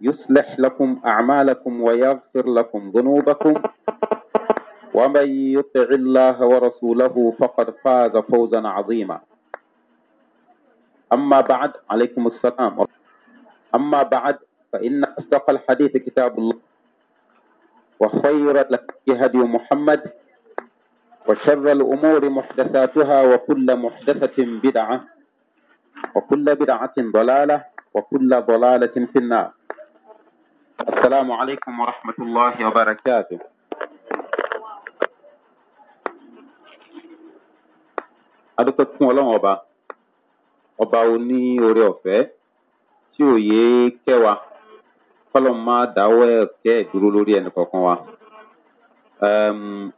يصلح لكم أعمالكم ويغفر لكم ذنوبكم ومن يطع الله ورسوله فقد فاز فوزا عظيما أما بعد عليكم السلام أما بعد فإن أصدق الحديث كتاب الله وخير لك هدي محمد وشر الأمور محدثاتها وكل محدثة بدعة وكل بدعة ضلالة وكل ضلالة في النار السلام عليكم ورحمة الله وبركاته adúpẹ́ fún ọlọ́run ọba ọba oní oore ọ̀fẹ́ tí ò yé kẹwa kọlọ́n máa dáwọ́ ẹ̀kẹ́ ìdúró lórí ẹnì kọ̀ọ̀kan wa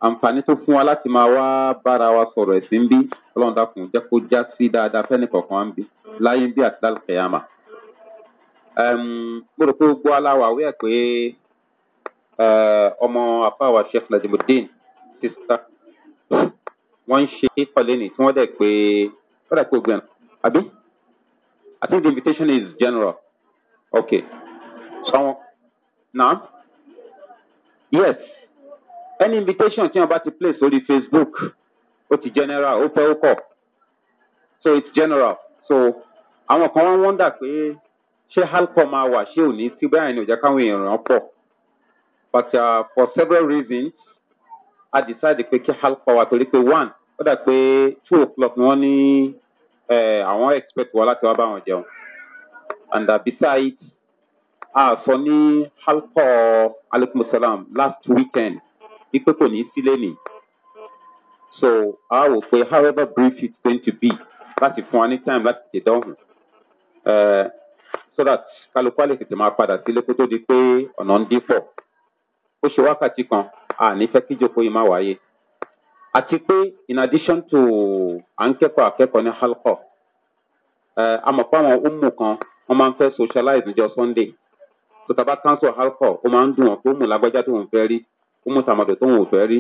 àǹfààní tó fún wa láti máa wá bára wa sọ̀rọ̀ ẹ̀sìn bí ọlọ́run dákun jẹ́ kó já sí dáadáa fẹ́nì kọ̀ọ̀kan wa ń bí láyé bí àti lálùkẹ́yàmà mo rò pé gbogbo aláwọ̀ àwẹ̀ pé ọmọ àfáwà sheikh najimudeen sista wọ́n ń ṣe kọ́lẹ́nì tí wọ́n dẹ̀ pé wọ́n dẹ̀ pé ogun ẹ̀ àbí i think the invitation is general okay sọ́wọ́n náà yes any invitation tí wọ́n bá ti place lórí facebook ó ti general ó fẹ́ ó kọ̀ so it's general so àwọn kan wọ́n wọ́n dà pé ṣé halpọ máa wà ṣé ò ní sí báyìí ni ò jẹ́ káwọn èèyàn pọ̀ but uh, for several reasons a decide pé kí halpọ wà torí pé one ó dà pé two o'clock ni wọ́n ní eh, àwọn expect wa láti wá bá wọn jẹun and uh, besides a sọ ní halpọ alaykum salam last weekend wípé kò ní sílé nìyí so a wò pé however brief it's going to be láti fún wa ní time láti tètè dánwò. Eh, so that kálukú àlè tètè máa padà sílé kó tó di pé ọ̀nà ń dín pọ̀ ó ṣe wákàtí kan àní fẹ́ kí ìjókòó yìí má wáyé àti pé in addition to à ń kẹ́kọ̀ọ́ akẹ́kọ̀ọ́ ní halkọ́ amọ̀pọ̀ àwọn umu kan wọ́n máa ń fẹ́ socialize níjọ sunday tó taba council halkọ́ ó máa ń dùn wọn pé umu lágbájá tó ń fẹ́ rí umu tàmọ̀dọ̀ tó ń fẹ́ rí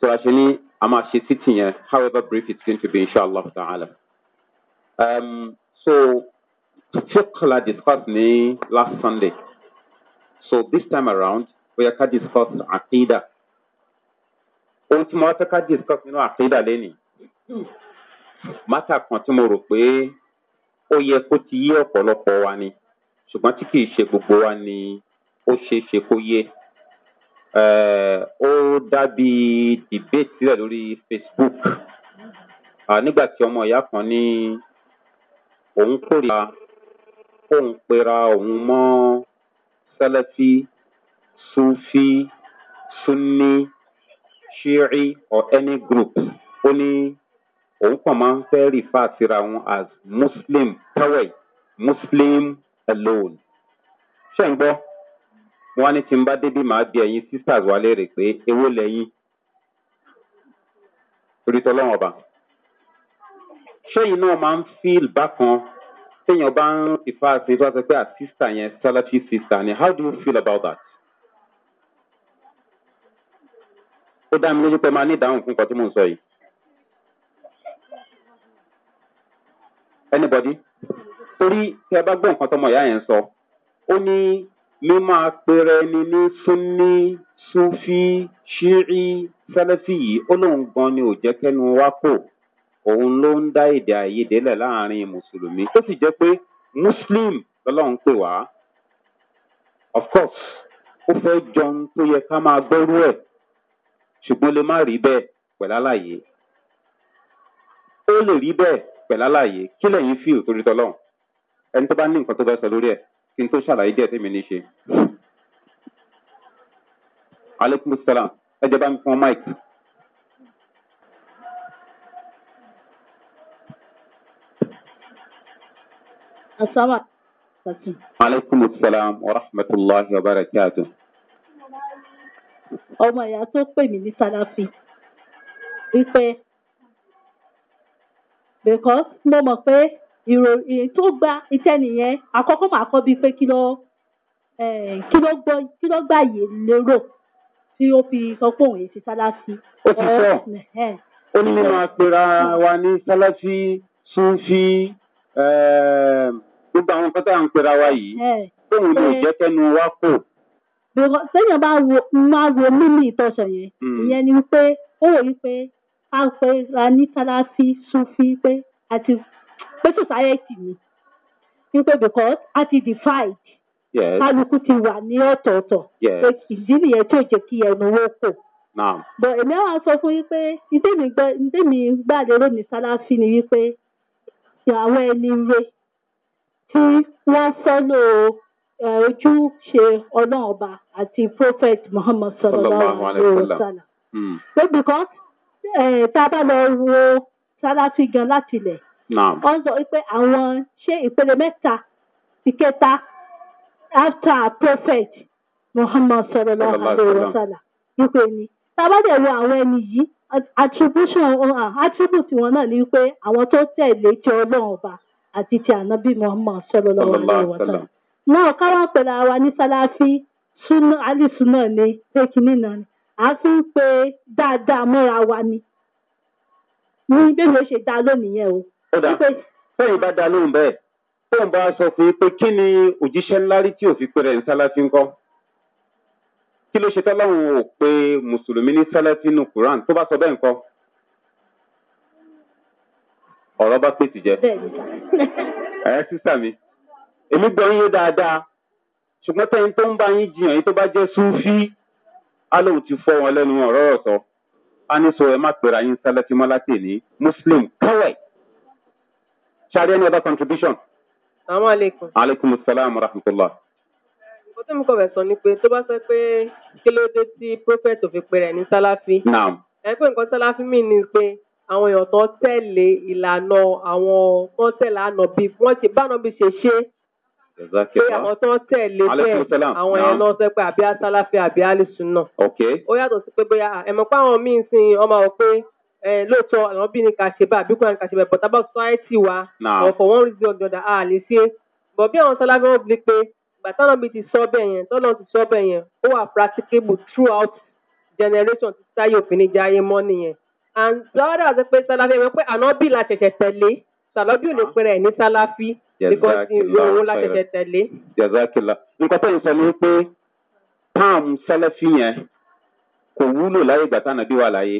tó a ṣe ní a máa ṣe títì yẹn however brief it's going to be inshallah ta'ala. Um, so fiqh la discuss ní last sunday so this time around we are going to discuss àkídà ohun tí mo wá fẹ́ ká discuss nínú àkídà lẹ́nìí mátà kan tí mo rò pé ó yẹ kó ti yé ọ̀pọ̀lọpọ̀ wa ni ṣùgbọ́n tí kì í ṣe gbogbo wa ni ó ṣeé ṣe kó yé eh, ó dàbí debate sílẹ̀ lórí facebook ah, nígbà tí ọmọ ìyá kan ní òun kórìíra póun pera òun mọ sálẹfí sufi sunni shiri or any group ó ní òun kàn máa ń fẹ́ rìfà síra wọn as muslim tawel muslim alone ṣe ń gbọ́ wọn á ní tí n bá débi màá bí ẹyin sisters wa léèrè pé ewó lẹyìn torí tọ́lọ́wọ́n ọba ṣẹ́yìn náà máa ń fíìl bákan téèyàn bá ń ìfà tó bá sọ pé àtìsà yẹn salafi sista ni how do you feel about that. ó dá mi lójú pé máa ní ìdáhùn fún nǹkan tí mò ń sọ yìí. anybody torí tí ẹ bá gbọ́ nǹkan tọmọ ìyá yẹn sọ ó ní mímọ apẹrẹ ni ní súnni súfì ṣírí sẹlẹsì yìí ó lóun gan ni ò jẹ́ kẹ́nu wá kò òun ló ń dá èdè àìyedè lẹ̀ láàrin mùsùlùmí tó sì jẹ́ pé muslim lọ́lọ́run pè wá of course ó fẹ́ jọun tó yẹ ká máa gbọ́rú ẹ̀ ṣùgbọ́n lè má rí bẹ́ẹ̀ pẹ̀láláyé ó lè rí bẹ́ẹ̀ pẹ̀láláyé kí lẹ́yìn fíìl torí tọ́lọ́run ẹni tó bá ní nǹkan tó fẹ́ sọ lórí ẹ̀ kí n tó ṣàlàyé díẹ̀ tèmi ní ṣe. aleykum ẹ jẹ́ bá mi fún mic. Asabar. Aleykum salaam wa rahmatulahi wa barakatu. Ọmọ ìyá tó pè mí ní Salafi wípé because mo mọ̀ pé ìròyìn tó gba iṣẹ́ nìyẹn àkọ́kọ́ màá kọ́ bíi pé kí ló kí ló gbọ́ kí ló gbà yé lérò tí ó fi sọ pé òun yìí ti Salafi. Ó ti sọ, ó ní nínú apẹ̀rẹ̀ wa ní Salafi, Sunfi. Ehm, gbogbo àwọn nǹkan tá à ń pera wa yìí jẹ́ wo máa wo yẹn hmm. ìyẹn ni pé ó pé a ra ní pé àti pé society ni because a ti kálukú ti wà ní ọ̀tọ̀ọ̀tọ̀ ìdí nìyẹn tó jẹ́ kí ẹnu wo kò bọ̀ àwọn sọ fún yín pé gbàdérò ní ni àwọn ẹni ire tí wọ́n fọ́lò eh, ojúṣe ọlọ́run ọba àti prophet muhammad sallallahu alayhi wa sallam. Bébí kan tá a bá lọ wo Sálátì gan láti ilẹ̀. Ó sọ pé àwọn ṣé ìpele mẹ́ta ìkẹta after prophet muhammad sallallahu alayhi wa sallam. Wípé ni tá a bá dẹ̀ wo àwọn ẹni yìí attribution ah, attribute wọn náà ni pé àwọn tó tẹ̀lé ti ọlọ́run ọba àti ti ànábì muhammad sallallahu alaihi wasallam náà káwá pẹ̀lú àwa ní sáláfí súnà alìsúnà ni pékinní náà ni a fi ń pe dáadáa múra wa ni ní bẹ́ẹ̀ ló ṣe dá lónìí yẹn o. ọ̀dà sẹ́yìn bá dá lóhùn bẹ́ẹ̀ tóun bá sọ fún yín pé kí ni òjíṣẹ́ ńlá rí tí òfin pẹ̀rẹ̀ ń sáláfí ń kọ́ kí ló ṣe tọ́lọ́run ò pé mùsùlùmí ní sẹ́lẹ́tì nù quran tó bá sọ bẹ́ẹ̀ nǹkan ọ̀rọ̀ bá pèsè jẹ ẹ sísà mi èmi gbọ́ yín dáadáa ṣùgbọ́n tẹ́yìn tó ń bá yín jiyàn yín tó bá jẹ́ súnfí alóhùn ti fọ́ wọn lẹ́nu ọ̀rọ̀ rọ̀ sọ a ní sọ ẹ má pèrè ayé sẹ́lẹ́tì mọ́ láti ní muslim kọ́wẹ̀ ṣáà rí any contribution. salaamaleykum. aleykum salaam wa rahmatulah tí mo kọ̀ bẹ̀ sọ ni pé tó bá sọ pé kí ló dé tí prophet ò fi pè rẹ̀ ní sáláfí. ẹ pé nǹkan sáláfí mi ni pé àwọn èèyàn tán tẹ̀lé ìlànà àwọn tán tẹ̀lé ànàbí wọ́n ti bánàbí ṣe ṣe pé àwọn tán tẹ̀lé bẹ́ẹ̀ àwọn èèyàn náà sọ pé àbí asáláfí àbí alìsùn náà. ó yàtọ̀ sí pé bóyá ẹ̀mọ́ pé àwọn míín sin ọmọ wọn pé lóòótọ́ àwọn bí ni kà ṣe bá àbí kò ní kà ṣe bẹ̀ bọ̀tà bá society wa ọ̀fọ̀ wọn rí sí ọ̀gbìn ọ̀dà àlè bọ̀ bí àwọn sáláfí wọn bí pé gbàtánà bíi ti sọ bẹ́ẹ̀ yẹn tọ́nà ti sọ bẹ́ẹ̀ yẹn ó wà practicable throughout generation ti táyé òfin ní jayé mọ́ nìyẹn and lọ́wọ́dà sọ pé sáláfí ẹ̀mí pé ànábì la ṣẹ̀ṣẹ̀ tẹ̀lé sàlọ́bí ò lè pèrè ẹ̀ ní sáláfí because ìròhùn la ṣẹ̀ṣẹ̀ tẹ̀lé. jazakila nǹkan tó ń sọ ni pé palm sáláfí yẹn kò wúlò láyé ìgbà tánà bí wà láyé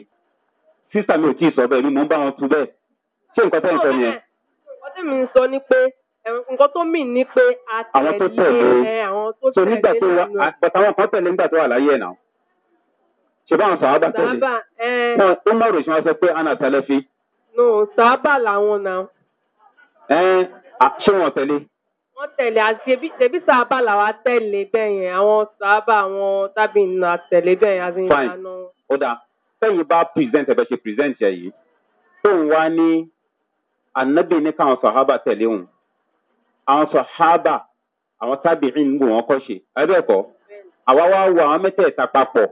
sísà mi ò tí ì sọ bẹ́ẹ̀ ni mò ń bá wọn tu bẹ́ẹ̀ ṣé nǹkan tó ń sọ nìyẹn. ọtí mi sọ ni pé nǹkan tó mìn ni pé a tẹ̀lé àwọn tó tẹ̀lé nígbà tó wà bàtà àwọn kan tẹ̀lé nígbà tó wà láyé ẹ̀ náà ṣe báwọn sàábà tẹ̀lé wọn ó má rò ṣe wọn sọ pé ana tẹ̀lé fi. no sàábà làwọn náà. ẹ ṣé wọn tẹ̀lé. wọn tẹ̀lé àti tẹ̀bí sàábà làwa tẹ̀lé bẹ́ẹ̀ yẹn àwọn sàábà àwọn tábì nà tẹ̀lé bẹ́ẹ̀ yẹn àti ìlànà. ó dáa sẹ́yìn bá present ẹ̀ bẹ́ ṣe present ẹ̀ yìí tóun wá ní ànábì ní káwọn sàábà tẹ̀lé òun. àwọn sọ̀hábà àwọn tábìrín ń gbò wọ́n kọ́ ṣe abẹ́ẹ̀kọ́ àwa wá wo àwọn mẹ́tẹ̀ẹ̀ta papọ̀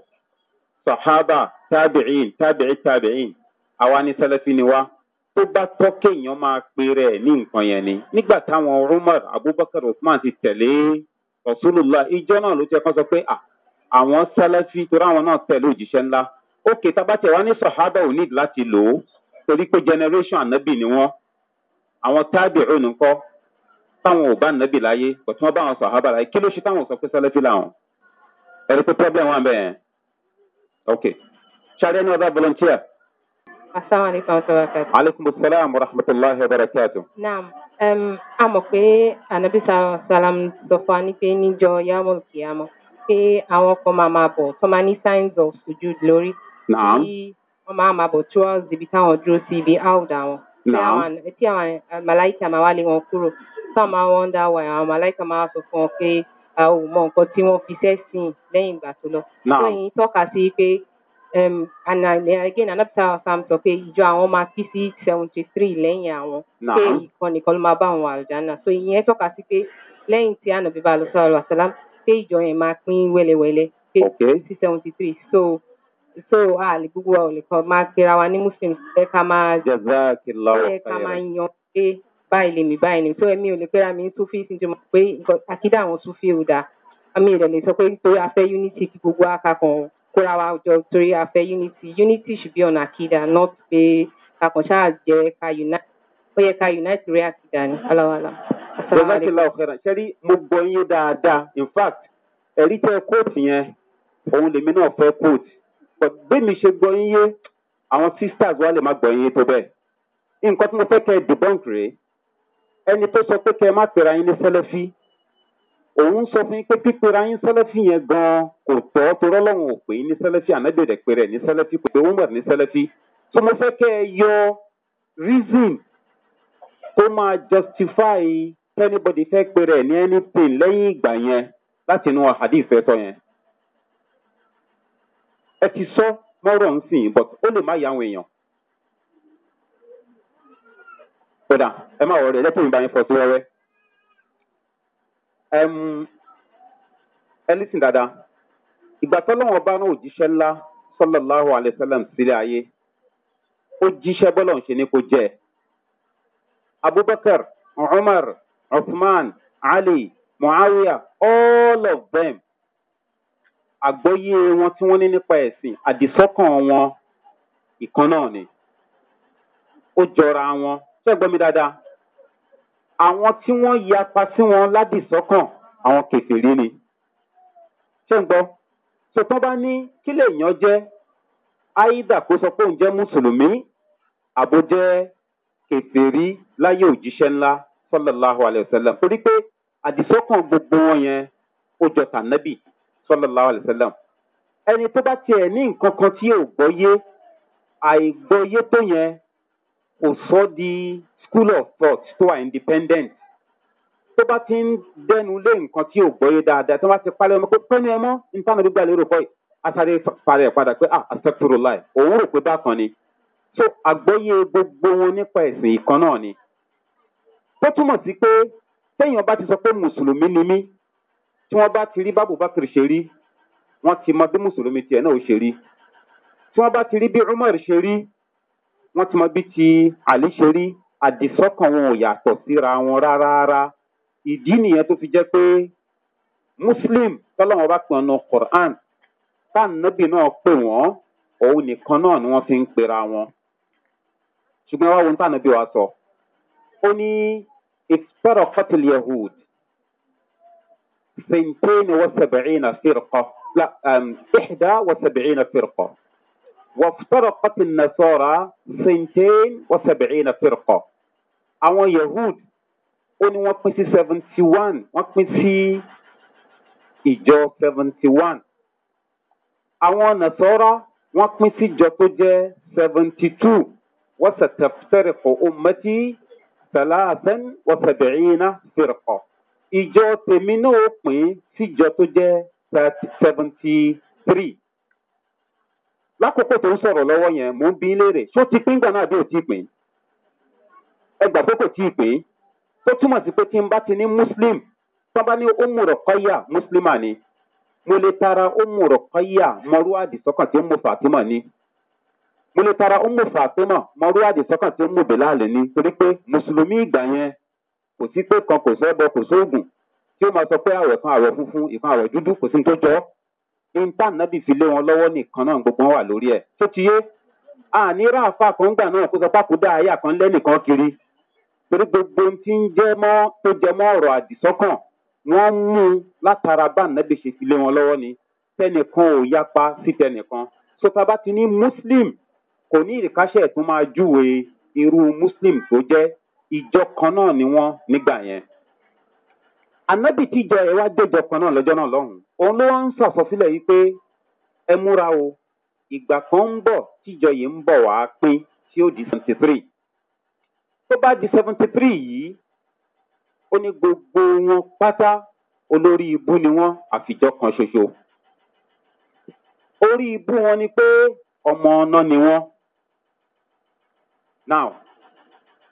sọ̀hábà tábìrín tábìrín tábìrín àwa ní sẹlẹ́fì ni wá tó bá tọ́ kéèyàn máa pe ní nǹkan yẹn ni nígbà táwọn abubakar usman ti náà ló sọ pé àwọn torí àwọn náà ńlá ní ò ní láti lò ó torí pé generation táwọn ò bá nàbì láyé kò tí wọ́n bá wọn sàhábà láyé kí ló ṣe táwọn sọ pé sẹ́lẹ́fì làwọn ẹ̀rí pé problem wà bẹ́ẹ̀ ok ṣáré ní ọba volunteer. asalaamualeykum sọ́wọ́kẹ́. aleykum salaam wa rahmatulahi wa barakatu. naam um, a mọ̀ pé anabi salam sọ fún wa ní pé níjọ yàmù kìámọ̀ pé àwọn kan máa máa bọ̀ tó máa ní signs of sujud lórí. naam wọ́n máa máa bọ̀ towards ibi táwọn dúró sí ibi áùdà wọn. naam tí àwọn màláìkà máa wá lé wọn kúrò tá máa wonder why àwọn màláìka máa sọ fún ọ pé a ò mọ nǹkan tí wọ́n fi sẹ́sìn lẹ́yìn ìgbà tó lọ. tó yìí tọ́ka sí pé um, and again anabisa sam sọ pé ìjọ àwọn máa kí sí seventy three lẹ́yìn àwọn pé ìkan nìkan ló máa bá àwọn àlùjáná so ìyẹn tọ́ka sí pé lẹ́yìn tí ànàbí bá lọ sọ́ọ́ àlùwàsálàm pé ìjọ yẹn máa pín wẹ́lẹ́wẹ́lẹ́ pé sí seventy three so so a lè gbogbo ọ̀lẹ́kọ̀ọ́ máa pera wa ní muslims ẹ ká máa ẹ ká máa yan pé báyìí lèmi báyìí ni tó ẹ̀mí ò lè pẹ́ra mi ní sufi síjú mọ̀ pé àkídà àwọn sufi ò dáa àmì ìrẹ̀ lè sọ pé nítorí afẹ́ unity kí gbogbo akakàn kóra wa jọ torí afẹ́ unity unity should be on àkídà not pé kakànṣá jẹ́ ká unite ó yẹ ká unite rí àkídà ni aláwàlá. jọ́sàkìlá ọ̀kẹ́rà ṣẹ́rí mo gbọ́ yín dáadáa in fact ẹ̀rí tẹ́ kóòtù yẹn òun lèmi náà fẹ́ kóòtù bẹ́ẹ̀ mi ṣe gbọ́ yín yé àwọn sisters wa lè má gbọ́ yín tó bẹ́ẹ̀ nǹkan tí mo fẹ́ kẹ́ debunk rèé ẹni tó sọ pé kẹ má pera yín ní sẹlẹfí òun sọ fún yín pé pípera yín sẹlẹfí yẹn gan kò tọ́ torọ́ lọ́wọ́n ò pè yín ní sẹlẹfí ànábẹ̀rẹ̀ pé rẹ̀ ní sẹlẹfí kò pé umar ní sẹlẹfí tó mo fẹ́ kẹ́ ẹ yọ reason tó máa justify tẹ́nibọ̀dì fẹ́ pé rẹ̀ ní anything lẹ́yìn ìgbà yẹn láti inú àhàdí ìfẹ́tọ̀ yẹn ẹ ti sọ mọ́rọ̀ ń sìn but ó lè má yà àwọn èèyàn kódà ẹ má wọlé lẹ́tọ̀ ìbáyín fọ sí wẹ́wẹ́. ẹ lísìn dáadáa ìgbà tọ́lọ́wọ́n bá náà òjíṣẹ́ ńlá sọ́lọ́láhu alẹ́sálàm sílẹ̀ ayé ó jíṣẹ́ bọ́lọ̀ ń ṣe ní kó jẹ́ abubakar umar uthman ali muawiya all of them àgbọ́yé wọn tí wọ́n ní nípa ẹ̀sìn àdìsọ́kàn wọn ìkan náà ni ó jọra wọn ṣe gbọ́ mi dáadáa àwọn tí wọ́n yapa sí wọn ládìsọ́kàn àwọn kẹfìrí ni ṣe ń gbọ́ sọtọ́ bá ní kí lèèyàn jẹ́ áídà kó sọ pé òun jẹ́ mùsùlùmí àbò jẹ́ kẹfìrí láyé òjíṣẹ́ ńlá sọlọ́láhu alayhiṣẹ́lẹ̀m torí pé àdìsọ́kàn gbogbo wọn yẹn ó jọ tànẹ́bì sọlọ́láhu alayhiṣẹ́lẹ̀m ẹni tó bá tiẹ̀ ní nǹkan kan tí yóò gbọ́ yé àìgbọ́ yé tó yẹn kò school of thought tó wà independent tó bá ti ń dẹnu lé nǹkan tí ò gbọ́yé dáadáa tó bá ti palẹ̀ ọmọ pé pẹ́ni ẹ mọ́ nítorí gbígbà lérò pọ̀ yìí asáré parẹ́ padà pé ah asẹ́kùrù láì òun rò pé bákan ni so àgbọ́yé gbogbo wọn nípa ẹ̀sìn ìkan náà ni tó túmọ̀ sí pé téèyàn bá ti sọ pé mùsùlùmí ni mí tí wọ́n bá ti rí bábù bákìrì ṣe rí wọ́n ti mọ bí mùsùlùmí tiẹ̀ náà ó ṣe rí tí wọ́n bá ti rí bí umar ṣe rí wọ́n ti mọ bí ti àlè àdìsọ́kàn wọn ò yàtọ̀ síra wọn rárá ìdí nìyẹn tó fi jẹ́ pé muslim tọ́lọ́wọ́n bá pè ọ́nà quran táànàbì náà pè wọ́n òun nìkan náà ni wọ́n fi ń pera wọn ṣùgbọ́n wá wọn táànàbì wa sọ ó ní ìfẹ́rọ̀ fọ́tìlì yahud sèǹtẹ́ni wọ́n sẹ̀bẹ̀rẹ̀ na fìrkọ́ ìḥdá um, wọ́n sẹ̀bẹ̀rẹ̀ na fìrkọ́. وافترقت النصارى سنتين وسبعين فرقة àwọn yahud ó ní wọ́n pín sí seventy one wọ́n pín sí ìjọ seventy one àwọn nasọ́ra wọ́n pín sí ìjọ tó jẹ́ seventy two wọ́n sẹ̀tẹ̀fẹ́rẹ̀ kọ́ ọmọdé sàlàsẹ́n wọ́n sẹ̀bẹ̀rìnà fìrìkọ́ ìjọ tèmi náà ó pín sí ìjọ tó jẹ́ seventy three. lákòókò tó ń sọ̀rọ̀ lọ́wọ́ yẹn mò ń bí léèrè tó ti pín gbà náà bí ò tí ì pín ẹgbà tó kò tí pín tó túmọ̀ sí pé tí n bá ti muslim tó bá ní ó muslima ni mo lè tara ó mùrọ̀ kọ́yà mọ̀rú àdìsọ́kàn tí ó mú fàtímọ̀ ni mo lè tara ó mú fàtímọ̀ ni torí pé mùsùlùmí ìgbà yẹn kan kò sẹ́bọ kò sóògùn tí ó máa sọ pé àwẹ̀ àwẹ̀ níta nàbì fi lé wọn lọ́wọ́ nìkan náà gbogbo wà lórí ẹ̀ tó ti yé àní ráàfà kan gbà náà kó sọ pákúdá ayé àkànlẹ́ nìkan kiri torí gbogbo tí ń jẹ́ mọ́ tó jẹ mọ́ ọ̀rọ̀ àdìsọ́kàn wọ́n mú látara bá nàbì ṣe fi lé wọn lọ́wọ́ ni tẹnìkan ò yapa sí tẹnìkan sọtaba ti ní muslim kò ní ìrìkáṣẹ́ tó máa júwe irú muslim tó jẹ́ ìjọ kan náà ni wọ́n nígbà yẹn anabi tíjọ ẹ wá jẹjọ kan náà lọjọ náà lọhùnún òun ló wá ń sàsọsílẹ yìí pé ẹ múra o ìgbà kan ń bọ tíjọ yìí ń bọ wàá pín tí ó di seventy three tó bá di seventy three yìí ó ní gbogbo wọn pátá olórí ibú ni wọn àfijọ kan ṣoṣo orí ibú wọn ni pé ọmọ ọ̀nà ni wọn now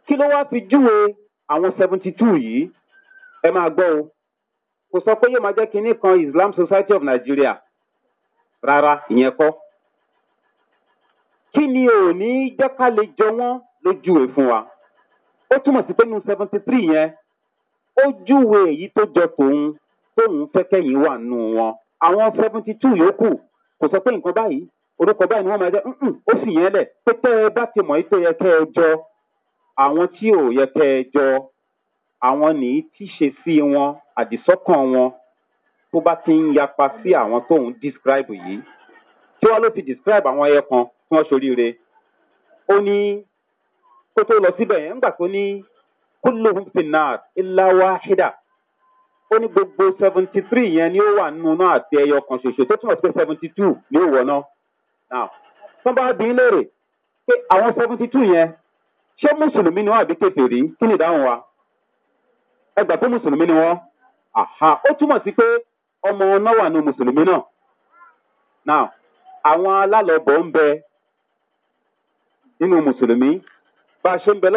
kí ló wá fi júwe àwọn seventy two yìí ẹ máa gbọ́ o kò sọ pé yóò máa jẹ́ kinní kan islam society of nigeria rárá ìyẹn kọ́ kí ni ò ní jẹ́ ká lè jọ wọ́n lójúwe fún wa ó túmọ̀ sí pé nínú seventy three yẹn ó èyí tó jọ tòun tóun fẹ́ kẹ́yìn wà nù wọn àwọn seventy two yòókù kò sọ pé nǹkan báyìí orúkọ báyìí ni wọ́n máa jẹ́ ó sì yẹn lẹ̀ pé tẹ́ ẹ bá ti mọ̀ yìí tó yẹ kẹ́ ẹ jọ àwọn tí ò yẹ kẹ́ ẹ jọ àwọn nìyí tíṣe sí wọn àdìsọ́kàn wọn tó bá ti ń yapa sí àwọn tóun describe yìí tí wọn ló ti describe àwọn ẹyẹ kan tí wọn ṣoríire ó ní kó tó lọ síbẹ̀ yẹn ńgbà tó ní kúlóhùn pinnaad ìlàwà ṣídà ó ní gbogbo seventy three yẹn ni ó wà nínú náà àti ẹyọ kan ṣoṣo tó túmọ̀ sí pé seventy two ni ó wọ̀ náà now tán bá bí léèrè pé àwọn seventy two yẹn ṣé mùsùlùmí ni wọn àbí kékeré kí ni ìdáhùn wa. ẹ gbà pé mùsùlùmí ni wọn aha ó túmọ̀ sí pé ọmọ náà wà ní mùsùlùmí náà now àwọn alálọ̀bọ̀ ń bẹ nínú mùsùlùmí bá a ṣe ń bẹ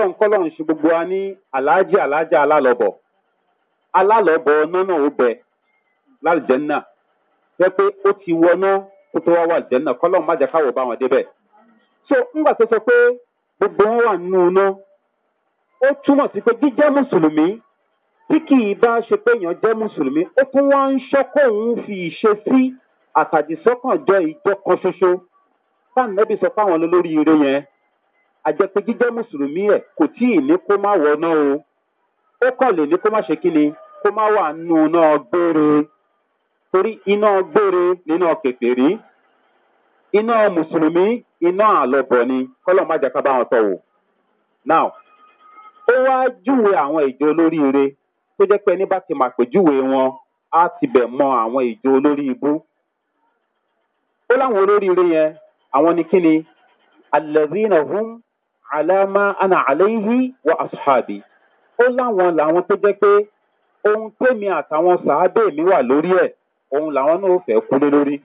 gbogbo wa ní aláàjì aláàjà alálọ̀bọ̀ alálọ̀bọ̀ nánà ó bẹ lálùjẹ́nà jẹ́ pé ó ti wọná kó tó wá wà lùjẹ́nà kọ́ lọ́hùn má jẹ́ bá so ńgbà gbogbo wọn wà nínú náà ó túmọ̀ sí pé jíjẹ́ tí kì í bá ṣe pé èèyàn jẹ́ mùsùlùmí ó tún wá ń ṣọ́kọ̀ òun fi ìṣesí àtàdìsọ́kànjọ ìjọ kan ṣoṣo táàmì sọ fáwọn olórí ire yẹn àjẹpé jíjẹ́ mùsùlùmí ẹ̀ kò tí ì ní kó má wọná o ó kàn lè ní kó má ṣe ni, kó má wà nù náà gbére torí iná gbére nínú kẹfẹ rí iná mùsùlùmí iná àlọbọ ni kọlọmọ àjàkábà wọn tọ wò now ó wá júwe àwọn ìjọ olóríire tó jẹ́ pé ẹni bá ti mà pèjúwe wọn á ti bẹ̀ mọ àwọn ìjọ olórí ibú. ó láwọn olóríire yẹn àwọn ni kí ni alẹ́rìnà hum alama ana alayhi wa asuhabi ó láwọn làwọn tó jẹ́ pé ohun tèmi àtàwọn sàábé mi wà lórí ẹ̀ òun làwọn náà fẹ́ kú lé lórí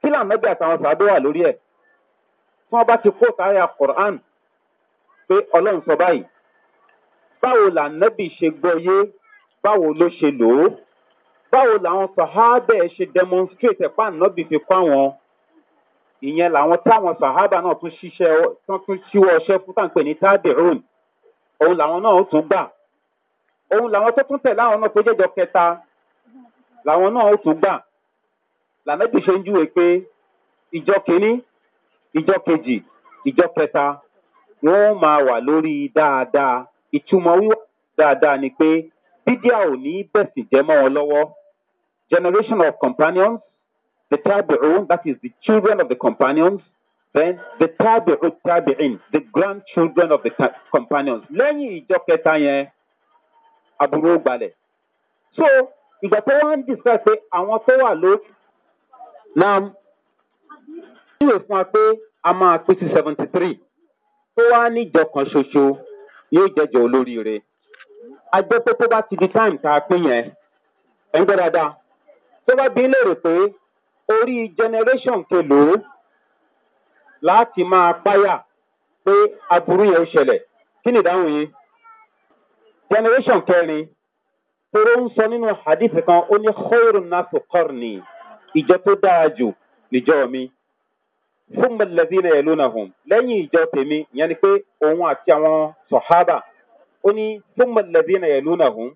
kí làmẹ́bí àtàwọn sàábé wà lórí ẹ̀ tí wọ́n bá ti kó sáyà quran pé ọlọ́run sọ báyìí báwo lànàbì ṣe gbọ́yé báwo ló ṣe lò ó báwo làwọn sàhábẹ́ ṣe demonstrate ẹ̀pá ànàbì fi kọ́ àwọn ìyẹn làwọn táwọn sàhábà náà tún ṣiṣẹ́ tán tún ṣíwọ́ ọṣẹ́ fún táǹpẹ̀ ní tábìrún òun làwọn náà tún gbà òun làwọn tó tún tẹ̀ láwọn náà tó jẹ́jọ kẹta làwọn náà tún gbà lànàbì ṣe ń júwe pé ìjọ kìíní ìjọ kejì ìjọ kẹta wọn máa wà lórí dáadáa ìtumọ̀ wíwá dáadáa ni pé bídíà ò ní bẹ̀sìn jẹ́ mọ́ wọn lọ́wọ́ generation of companions the tabi'un that is the children of the companions then the tabi'u tabi'in the grandchildren of the companions lẹ́yìn ìjọ kẹta yẹn aburú gbalẹ̀ so ìgbà tó wá ń discuss pé àwọn tó wà lórí náà ń wò fún wa pé a máa pín seventy three tó wá níjọ kan ṣoṣo yóò jẹjọ olóríire a jẹ pé tó bá ti di time tá a pín yẹn ẹ ń gbọ́ dáadáa tó bá bí lérò pé orí generation kelòó láti máa páyà pé aburú yẹn ó ṣẹlẹ̀ kí ni ìdáhùn yín generation kẹrin toro ń sọ nínú hadith kan ó ní kóòrùn náà sọ kọ́ọ̀nì ìjọ tó dáa jù níjọ́ mi fúnmi lẹ́sìn ẹ̀ lónà hùn lẹ́yìn ìjọ tèmi ìyẹn ni pé òun àti àwọn sọ̀hábà ó ní fúnmi lẹ́sìn ẹ̀ lónà hùn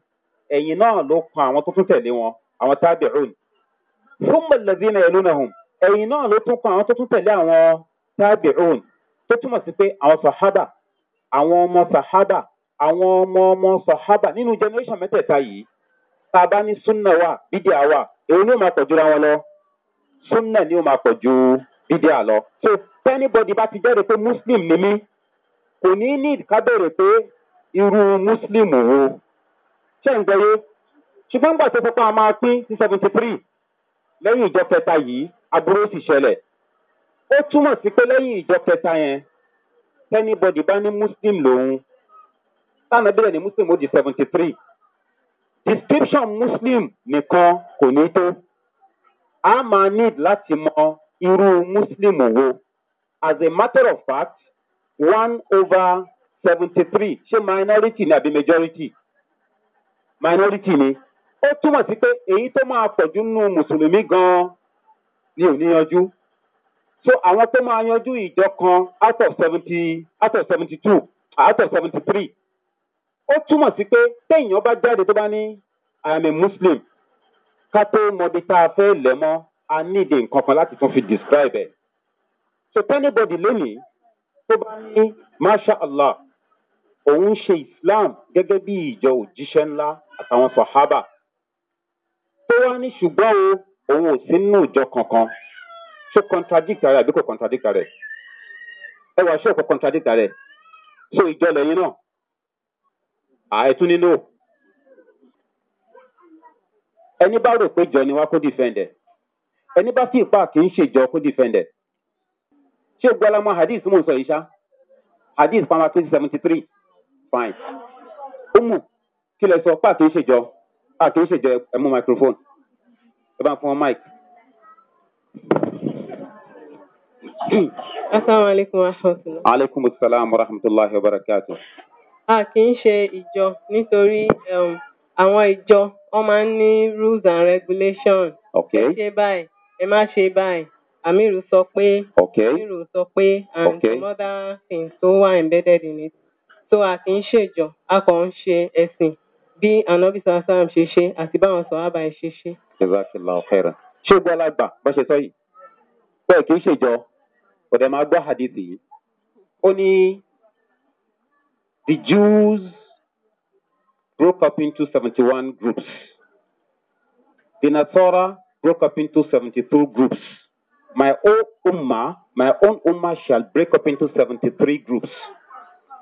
ẹ̀yìn náà ló kan àwọn tó tún tẹ̀lé wọn àwọn tábìrún fúnmi lẹ́sìn ẹ̀ lónà hùn ẹ̀yìn náà ló tún kan àwọn tó tún tẹ̀lé àwọn tábìrún tó túmọ̀ sí pé àwọn sọ̀hábà àwọn ọmọ sọ̀hábà àwọn ọmọ ọmọ sọ̀hábà nínú generation mẹ́tẹ̀ẹ̀ta yìí tá a bá ní súnà wà bídíà wà èwo ni ó máa pọ̀ jura wọn lọ súnà ni ó máa pọ̀ ju bídíà lọ. so tẹ́nibọ́dì bá ti jẹ́rìí pé muslim ni mí kò ní ní ká béèrè pé irú muslim wo ṣé ń gbẹ́yé ṣùgbọ́n gbà tó fipá máa pín sí seventy three lẹ́yìn ìjọ kẹta yìí aburú sì ṣẹlẹ̀ ó túmọ̀ sí pé lẹ́yìn ìjọ kẹta yẹn tẹ́nibọ́dì bá ní muslim lòun táwọn ẹbí rẹ̀ ní muslim ó di seventy three description muslim nìkan kò ní tó a máa need láti mọ irú muslim wo as a matter of fact one over seventy three ṣé minority ni àbí majority minority ni ó túmọ̀ sí pé èyí tó máa pọ̀jù nínú mùsùlùmí gan-an ni ò ní yanjú so àwọn tó máa yanjú ìjọ kan out of seventy out of seventy two out of seventy three ó túmọ̀ sí pé téèyàn bá jáde tó bá ní i am a muslim ká tó mọ ibi tá a fẹ́ lẹ̀ mọ́ a need nǹkan kan láti tún fi describe ẹ̀. so tẹ́nibọ́dì lónìí tó bá ní masha allah òun ṣe islam gẹ́gẹ́ bí ìjọ òjíṣẹ́ ńlá àtàwọn sọ̀hábà tó wá ní ṣùgbọ́n o òun ò sí nínú ìjọ kankan ṣó contradict rẹ àbí kò contradict rẹ ẹ wà ṣé ọkọ contradict rẹ so ìjọ lẹyìn náà àìtún nínú ẹni bá rò pé jọ ni wá kó defend ẹ ẹni bá fi ipa kì í ṣèjọ kó dìfẹ̀ndẹ̀. ṣé o gbọ́dọ̀ mọ hadith mò ń sọ yìí ṣá hadith pàmò twenty seventy three fine. umu kí lẹ sọ pa kì í ṣèjọ pa kì í ṣèjọ ẹ mú microphone ẹ bá fún ọ mic. asalaamualeykum wa rahmatulah. aleykum salaam wa rahmatulahi wa barakatu. a kì í ṣe ìjọ nítorí um, àwọn ìjọ wọn máa ń ní rules and regulations. ok ṣe báyìí ẹ má ṣe báyìí amiru sọ pé okay amiru sọ pé and okay. some other things tó wà embedded in it so a kì í ṣèjọ a kàn ń ṣe ẹ̀sìn bí anabi sàlám ṣe ṣe àti báwọn sọ ábà ṣe ṣe. ìbáṣepọ̀ ọ̀kẹ́rẹ̀ ṣé gbọ́lágbà bó ṣe sọ yìí bẹ́ẹ̀ kì í ṣèjọ ọ̀dẹ̀ máa gbọ́ àdìsí yìí ó ní the jews broke up into seventy one groups the nasara broke up into 72 groups. My own ummah, my own ummah shall break up into 73 groups.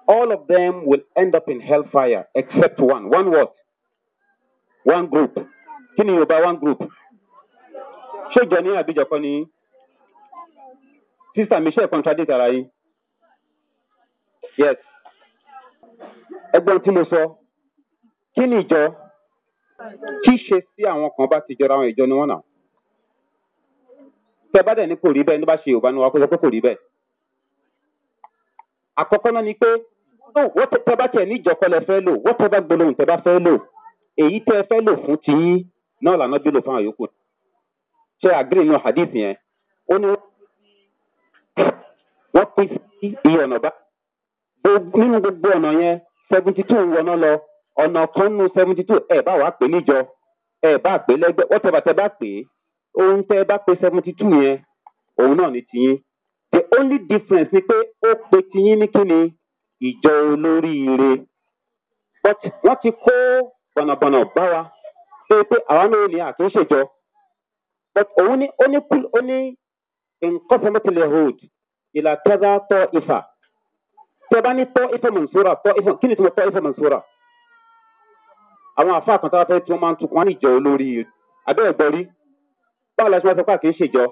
All of them will end up in hellfire except one. One what? One group. Kini Yoruba, one group. Ṣé Jọ̀ní Àbíjọ̀kọ́ ni? Sísà mi contradict ara Yes. Ẹgbọ́n tí mo sọ, kí ni ìjọ? Kí ṣe sí àwọn kan bá ti jọra àwọn ìjọ ni wọ́n náà? tẹ bá dẹ̀ ní kò rí bẹ́ẹ̀ ní bá ṣe yorùbá ni wàá kó sọ pé kò rí bẹ́ẹ̀. àkọ́kọ́ náà ni pé tẹ bá tiẹ̀ níjọkọlẹ̀ fẹ́ lò wọ́n tẹ bá gbólóhùn tẹ bá fẹ́ lò èyí tẹ fẹ́ lò fún ti náà lànà bí lò fún àyókù. ṣe àgírí inú hadith yẹn ó ní wọ́n pín sí iye ọ̀nà bá nínú gbogbo ọ̀nà yẹn seventy two ń wọná lọ ọ̀nà kan nínú seventy two ẹ̀ bá wàá pè níjọ ẹ̀ bá pè lẹ́gbẹ́ wọ́n tẹ bá bá pè é ohun tẹ́ ẹ bá pe seventy two yẹn òun náà ni tiyín the only difference ni pé ó pe tiyín ní kíni ìjọ olóríire but wọ́n ti kó bọ̀nàbọ̀nà bá wa pé pé àwa náà ní àtúnṣèjọ but òun ní ó ní ó ní hold ìlà tẹ́gà tọ́ ìfà tẹ́ bá ní tọ́ ìfẹ́ mọ̀nsóra tọ́ ìfẹ́ kí ni tí mo tọ́ ìfẹ́ mọ̀nsóra àwọn tí wọ́n báwo la ṣe wá sọ pé àkè ṣèjọ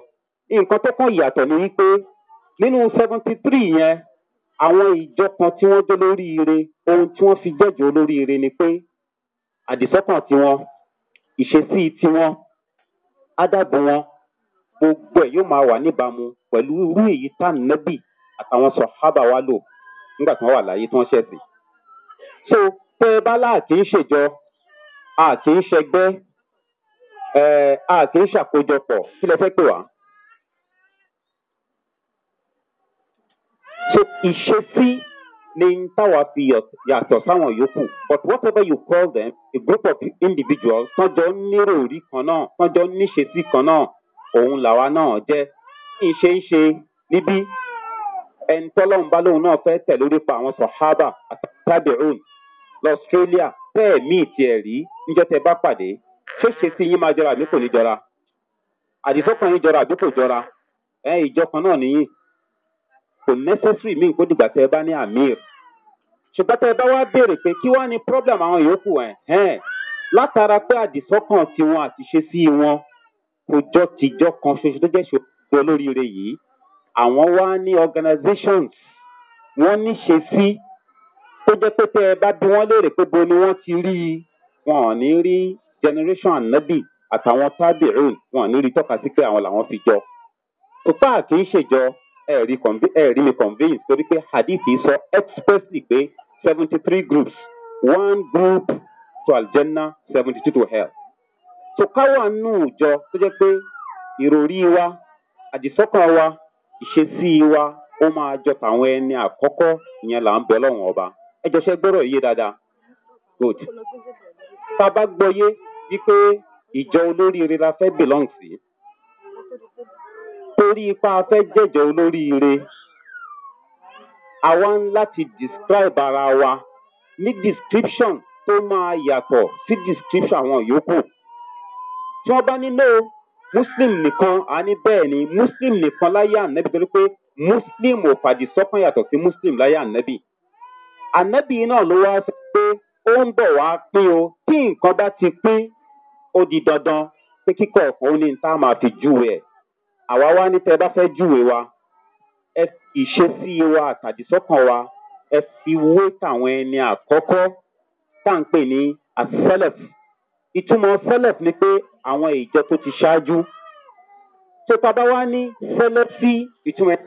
nǹkan tó kàn yàtọ̀ ni wípé nínú seventy three yẹn àwọn ìjọ kan tí wọ́n dé lóríire ohun tí wọ́n fi jẹ́jọ́ olóríire ni pé àdìsọ́kàn tiwọn ìṣesí tiwọn ádàbò wọn gbogbo ẹ̀ yóò máa wà níbàámu pẹ̀lú irú èyí tá nẹ́bì àtàwọn sọ̀hábà wa lò nígbà tí wọ́n wà láyé tí wọ́n ṣẹ̀sìn. so pé bálá àti ń ṣèjọ àti ń ṣẹgbẹ́ a kì í ṣàkójọpọ̀ kí lẹ fẹ́ pè wá. so ìṣesí ni n táwa fi yàtọ̀ sáwọn yòókù but whatever you call them a group of individuals tán jọ nírò orí kan náà tán jọ níṣesí kan náà òun làwa náà jẹ́ kí n ṣe ń ṣe níbí ẹni tọ́lọ́run bá lóun náà fẹ́ tẹ̀ lórí pa àwọn sahaba àti tábìrún lọ́sítrélíà bẹ́ẹ̀ míì tiẹ̀ rí níjọ́ tẹ bá pàdé ṣéṣe tí yín máa jọra àbí kò ní jọra àdìsọ́kàn yín jọra àbí kò jọra ẹ ìjọ kan náà nìyí kò necessary mí kó dìgbà tẹ ẹ bá ní amir ṣùgbọ́n tẹ ẹ bá wá béèrè pé kí wá ní problem àwọn yòókù ẹ̀ ẹ̀ látara pé àdìsọ́kàn tiwọn àti ṣe sí wọn kò jọ tìjọ kan ṣoṣo tó jẹ́ ṣòro olóríire yìí àwọn wá ní organizations wọ́n ní ṣe sí tó jẹ́ pé tẹ ẹ bá bí wọ́n léèrè pé bo ni wọ́n ti rí wọn ò ní rí generation anabi àtàwọn tábìrún wọn nírí tọ́ka sí pé àwọn làwọn fi jọ tupa kì í ṣèjọ ẹ̀rí mi convince torí pé hadithi sọ expressly pé seventy three groups one group to aljanna seventy two to hell so káwa nù jọ tó jẹ́ pé ìròrí wa àdìsọ́kàn wa ìṣesí wa ó máa jọ tàwọn ẹni àkọ́kọ́ ìyẹn là ń bẹ lọ́wọ́n ọba ẹ jọ ṣe gbọ́rọ̀ yé dáadáa good tá a bá gbọ́ yé wípé ìjọ olóríire la fẹ́ belong sí torí ipa fẹ́ jẹ́jọ olóríire àwa ń láti describe ara wa ní description tó máa yàtọ̀ sí description àwọn yòókù tí wọ́n bá nílò muslim nìkan a ní bẹ́ẹ̀ ni muslim nìkan láyé ànábì torí pé muslim ò fàdí sọ́kàn yàtọ̀ sí muslim láyé ànábì ànábì náà ló wá sọ pé ó ń bọ̀ wá pín o tí nǹkan bá ti pín ó di dandan pé kíkọ̀ ọ̀kan ó ní tá a máa fi júwe ẹ̀ àwa wá ní tẹ bá fẹ́ júwe wa ẹ ìṣesí wa àtàdìsọ́kàn wa ẹ fi wé tàwọn ẹni àkọ́kọ́ tá à ń pè ní asẹ́lẹ̀f ìtumọ̀ sẹ́lẹ̀f ni pé àwọn ìjọ tó ti ṣáájú tó ta bá wá ní sẹ́lẹ̀fì ìtumọ̀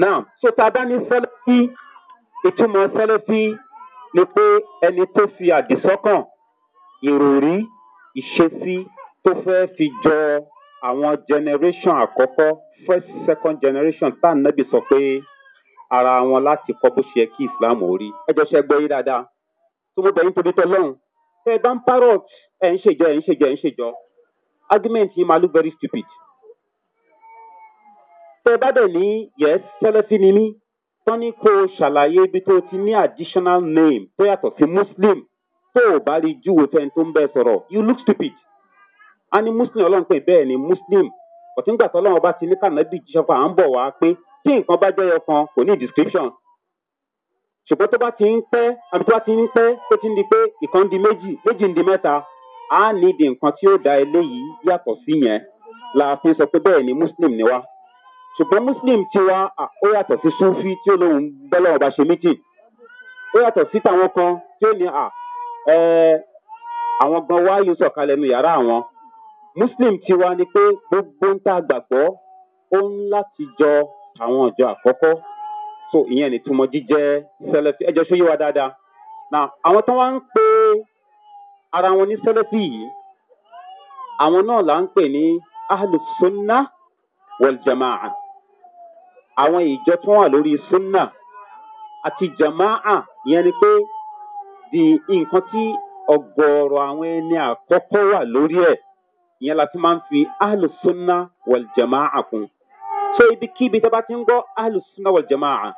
náà tó ta bá ní sẹ́lẹ̀fì ìtumọ̀ sẹ́lẹ̀fì ni pé ẹni tó fi àdìsọ́kàn ìròrí ìṣesí tó fẹ́ fi jọ àwọn generation àkọ́kọ́ first second generation tá ànábì sọ pé ara wọn láti kọ́ bó ṣe yẹ kí islam ò rí ẹjọ́ ṣe gbọ́ yí dáadáa tó mo bẹ̀yìn torí tọ́lọ́run tẹ́ ẹ bá ń parrot ẹ̀ ń ṣèjọ ẹ̀ ń ṣèjọ ẹ̀ ń ṣèjọ argument yìí máa look very stupid tẹ́ ẹ bá dẹ̀ ní yẹ sẹ́lẹ́sì ni mí tán ní kó o ṣàlàyé ibi tó ti ní additional name tó yàtọ̀ sí muslim tó o bá rí júwe fẹ́ tó ń bẹ́ sọ̀rọ̀ you look stupid. a ní muslim ọlọ́run pé bẹ́ẹ̀ ni muslim ọ̀tíǹgbà tó ọlọ́run ọba ti ní kànáàbì jíṣẹ́ fún à ń bọ̀ wá pé tí nǹkan bá jẹ́yọ kan kò ní description. ṣùgbọ́n tó bá ti ń pẹ́ àbí tó bá ti ń pẹ́ tó ti ń di pé ìkan di méjì méjì ń di mẹ́ta á ní di nǹkan tí ó da eléyìí yàtọ̀ sí yẹn la fi sọ pé bẹ́ẹ̀ ni muslim ni wá. ṣùgbọ́n muslim ti wá ó yàtọ̀ sí súnfí tí ó lóun bọ́lọ́run ọba ṣe méjì ó yàtọ̀ sí tàwọn kan tí ó ní à ẹ àwọn gan wáyé sọ̀kalẹ̀ nu yàrá àwọn muslim tiwa ni pé gbogbo ń tá a gbàgbọ́ ó ń láti jọ àwọn ọjọ́ àkọ́kọ́ so ìyẹn ni túmọ̀ jíjẹ sẹlẹfì ẹjọ́ ṣó yé wa dáadáa na àwọn tó wá ń pe ara wọn ní sẹlẹfì yìí àwọn náà là ń pè ní ahlùsúnná wọljamaa àwọn ìjọ tó wà lórí súnná àti jamaa ìyẹn ni pé di nǹkan tí ọgọ̀ọ̀rọ̀ àwọn ẹni àkọ́kọ́ wà lórí ẹ̀ ìyẹn la fi máa ń fi alùsùnà wọ̀ljẹ̀má àkùn. so ibikíbi tí a bá ti ń gbọ́ alùsùnà wọ̀ljẹ̀má à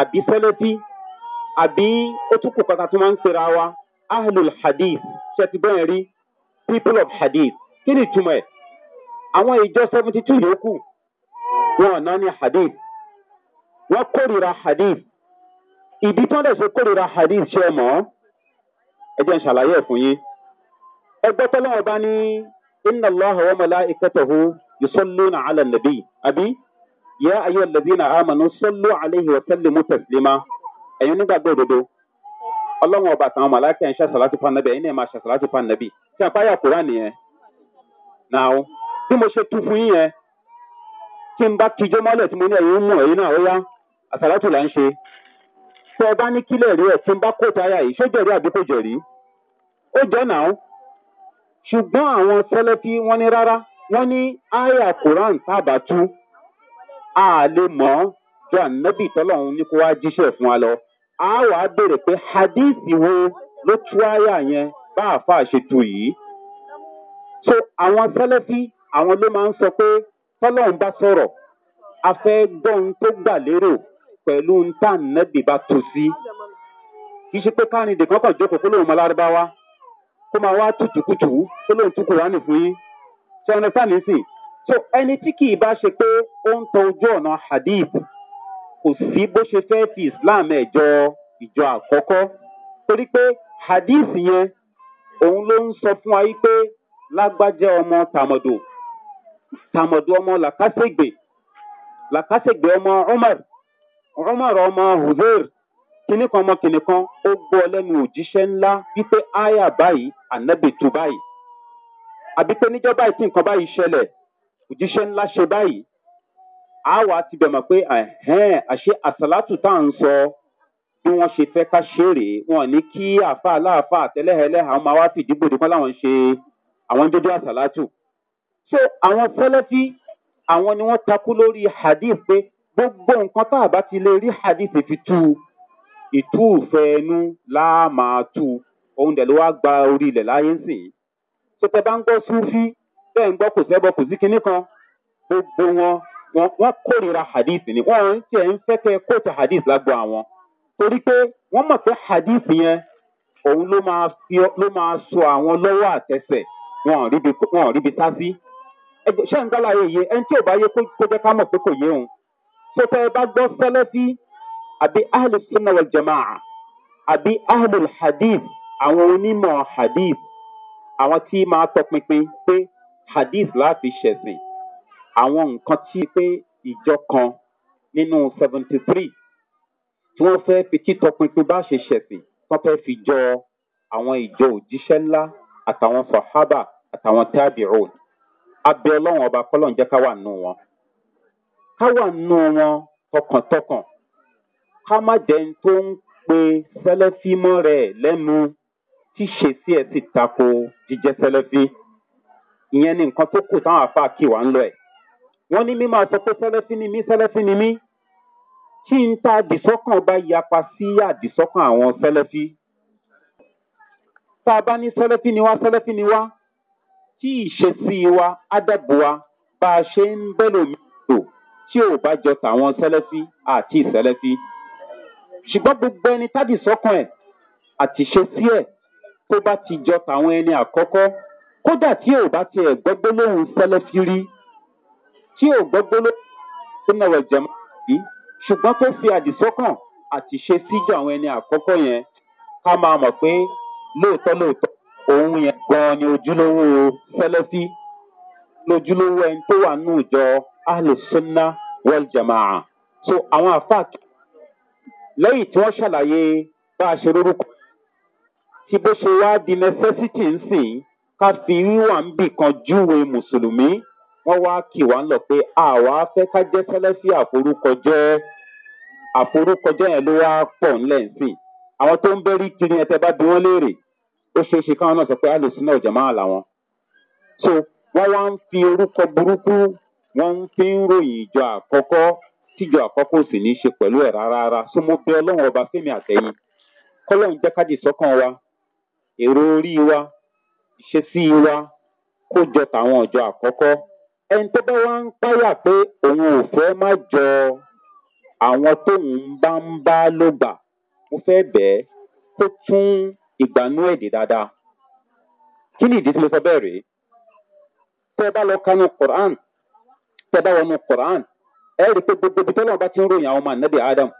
àbí sẹ́lẹ̀bí àbí ó tún kù kọ́ta tó máa ń pera wa ahlul hadith ṣe ti bẹ́ẹ̀ rí people of hadith kí ni ìtumọ̀ ẹ̀ àwọn ìjọ seventy two yòókù wọn ò náà ní hadith wọn kórìíra hadith ìdí tán dẹ̀ ṣe kórira hadith ṣe mọ́ ẹ jẹ́ ń ṣàlàyé ẹ̀ fún yín ẹgbẹ́ tọ́lọ́wọ́ bá ní inna allah wa malaikatahu yusalluna ala nabi abi ya ayo alladhina amanu sallu alayhi wa sallimu taslima ẹ̀yin nígbàgbọ́ òdodo ọlọ́wọ́n ọba àtàwọn màláìka ẹ̀ ń ṣàṣàlátì fún anabi ẹ̀yin náà máa ṣàṣàlátì fún anabi tí a báyà kúrò nìyẹn náà bí mo ṣe tu fún yín yẹn tí n bá tijọ́ mọ́lẹ̀ tí mo ní ẹ̀yin mú ẹ̀yin náà ó yá àṣàlátì là ń ṣe tẹ bá ní kílẹ̀ rí ẹ̀ tí ń bá kóòtù aya yìí ṣó jẹ̀rí àbí kò jẹ̀rí ó jẹ́ nàá ṣùgbọ́n àwọn sẹlẹ́tì wọ́n ní rárá wọ́n ní aya quran tábà tú a lè mọ̀ ọ́ ju ànábì tọ́lọ́hún ní kó wá jíṣẹ́ fún wa lọ a wàá béèrè pé hadith wo ló tú aya yẹn bá àáfàá ṣe tu yìí so àwọn sẹlẹ́tì àwọn ló máa ń sọ pé tọ́lọ́hún bá sọ̀rọ̀ a gbọ́n tó gbà lérò pẹ̀lú ń tà bá tó sí kì í ṣe pé káàrin dèkán kàn jókòó wá tutù kutù kó lóun tún fún yín ṣe ọ̀nà so ẹni tí kì í bá ṣe pé ó ń hadith kò sí bó ṣe fẹ́ fi islam ẹ̀jọ ìjọ àkọ́kọ́ torí pé hadith yẹn òun ló ń sọ fún ọmọ ọmọ làkàṣègbè ọmọ umar rọmọrọ ọmọ hùdẹ́r kíní kan ọmọ kìnì kan ó gbọ́ lẹ́nu òjíṣẹ́ ńlá wípé áyà báyìí ànábì tu báyìí àbí pé níjọ́ báyìí tí nǹkan báyìí ṣẹlẹ̀ òjíṣẹ́ ńlá ṣe báyìí á wàá ti bẹ̀ mọ̀ pé àṣẹ àsàlátù tá à ń sọ bí wọ́n ṣe fẹ́ ká ṣe rèé wọn ní kí àfa aláàfa àtẹlẹ́hẹlẹ́ àwọn máa wá fìdígbòdì kan láwọn ṣe àwọn jọjọ àsàlátù so àwọn fẹlẹ́fí àwọn ni wọ́n takú lórí hadith pé gbogbo nǹkan tá a bá ti lè rí hadith fi tú ìtú ìfẹ́ẹ́nú la máa tú òun dẹ̀ ló wá gba orí ilẹ̀ láyé ń sìn. sọtẹ́ bá ń gbọ́ súnfí bẹ́ẹ̀ ń gbọ́ kò sẹ́bọ̀ kò sí kinní kan gbogbo wọn wọn kórira hadith ni wọn ń tiẹ̀ ń fẹ́ kẹ́ kóòtù hadith lágbo àwọn torí pé wọ́n mọ̀ pé hadith yẹn òun ló máa sọ àwọn lọ́wọ́ àtẹsẹ̀ wọn ò ríbi sá sí. ṣé ń gbá láyé yìí ẹni tí ò bá yẹ kó jẹ́ ká mọ̀ pé kò yé òun sọtẹ́ ẹ bá gbọ́ sẹ́lẹ́fì àbí ahlù sunna wà jama'a àbí ahlù hadith àwọn onímọ̀ hadith àwọn tí máa tọpinpin pé hadith láti ṣẹ̀sìn àwọn nǹkan tí pé ìjọ kan nínú seventy three tí wọ́n fẹ́ fi títọpinpin bá ṣe ṣẹ̀sìn wọ́n fẹ́ fi jọ àwọn ìjọ òjíṣẹ́ ńlá àtàwọn fàhábà àtàwọn tábìrún abẹ́ ọlọ́run ọba kọ́lọ́ọ̀ wà nù wọn ká wà nù wọn tọkàntọkàn ká má jẹ́ ní tó ń pe sẹ́lẹ́fí mọ́ rẹ̀ lẹ́nu tí ṣèṣì ẹ̀ sì tako jíjẹ́ sẹ́lẹ́fí ìyẹn ni nǹkan tó kù táwọn afá kì wá ń lọ ẹ̀ wọ́n ní mímọ́ sọ pé sẹ́lẹ́fí ni mí sẹ́lẹ́fí ni mí tí ń ta àdìsọ́kàn bá yapa sí àdìsọ́kàn àwọn sẹ́lẹ́fí tá a bá ní sẹ́lẹ́fí ni wá sẹ́lẹ́fí ni wá tí ìṣesí wa ádàbò wa bá a ṣe ń bẹ́lòmí tí ò bá jọ tàwọn sẹlẹ́fí àti ìsẹlẹ́fí. ṣùgbọ́n gbogbo ẹni tádì sọ́kàn ẹ̀ àti ṣe sí ẹ̀ tó bá ti jọ tàwọn ẹni àkọ́kọ́ kódà tí ò bá tiẹ̀ gbọ́gbó lóhùn sẹlẹ́fí rí tí ò gbọ́gbó lóhùn tó nàwẹ̀ jẹ̀mọ́ yìí ṣùgbọ́n tó fi àdìsọ́kàn àti ṣe síjọ àwọn ẹni àkọ́kọ́ yẹn ká máa mọ̀ pé lóòótọ́ lóòótọ́ òun yẹn gan-an ni ojúlówó sẹlẹ́fí lójúlówó ẹni tó wà nù jọ alisunna wal jamaa so àwọn àfa lẹ́yìn tí wọ́n ṣàlàyé bá a ṣe rórúkọ tí bó ṣe wá di necessity ń sìn ká fi wíwà ń bì kan júwe mùsùlùmí wọ́n wá kì wá ń lọ pé àwa fẹ́ ká jẹ́ sẹ́lẹ́sì àforúkọjẹ́ àforúkọjẹ́ yẹn ló wá pọ̀ ńlẹ̀ ń àwọn tó ń bẹ́rí kiri ẹ̀tẹ́ bá bí wọ́n léèrè ó ṣeé ṣe káwọn náà sọ pé alùsùn náà jẹ̀máà làwọn. so wọ́n wá ń fi orúkọ burúkú wọ́n ń fi ń ròyìn ìjọ àkọ́kọ́ tíjọ àkọ́kọ́ sì ní í ṣe pẹ̀lú ẹ̀ rárá rárá so mo bẹ ọlọ́run ọba fẹ́mi àtẹ̀yìn kọ́lọ́run jẹ́ kájì sọ́kàn wa èrò orí wa ìṣesí wa kó jọ tàwọn ọjọ́ àkọ́kọ́ ẹni tó bá wá ń páyà pé òun ò fẹ́ má jọ àwọn tóun bá ń bá ló gbà mo fẹ́ bẹ́ẹ̀ kó tún ìgbàanú èdè dáadáa kí ni ìdí tí mo sọ bẹ́ẹ̀ rèé tẹ́ ẹ bá lọ kánú quran tẹ bá wọnú quran ẹ rí i pé gbogbo ibi tọ́lọ́wọ́n bá ti ń ròyìn àwọn ọmọ ànábì adam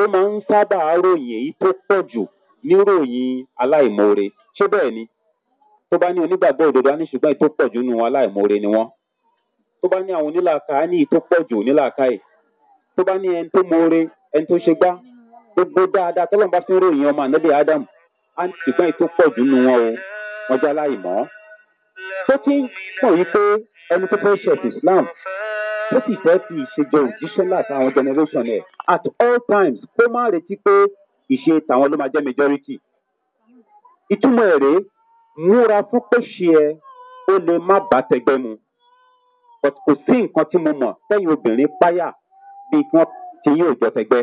ó máa ń sábà ròyìn èyí tó pọ̀ jù ní ròyìn aláìmoore ṣé bẹ́ẹ̀ ni tó bá ní onígbàgbọ́ òdodo á ṣùgbọ́n èyí tó pọ̀ jù nù aláìmoore ni wọ́n tó bá ní àwọn èyí tó pọ̀ jù yìí tó bá ní ẹni tó moore ẹni tó ṣe gbá gbogbo dáadáa bá ti ń ròyìn ọmọ wọn tó ti ń mọ̀ yí pé ẹni tó fẹ́ ṣe ẹ̀sìn islam tó sì fẹ́ fi ìṣèjọ òjíṣẹ́ láti àwọn generation ẹ̀ at all times kó má retí pé ìṣe tàwọn ló máa jẹ́ majority. ìtumọ̀ ẹ̀ rèé múra fún pé ṣe ẹ ó lè má bá tẹgbẹ́ mu but kò sí nǹkan tí mo mọ̀ sẹ́yìn obìnrin páyà bí wọ́n ti yín òjọ tẹgbẹ́.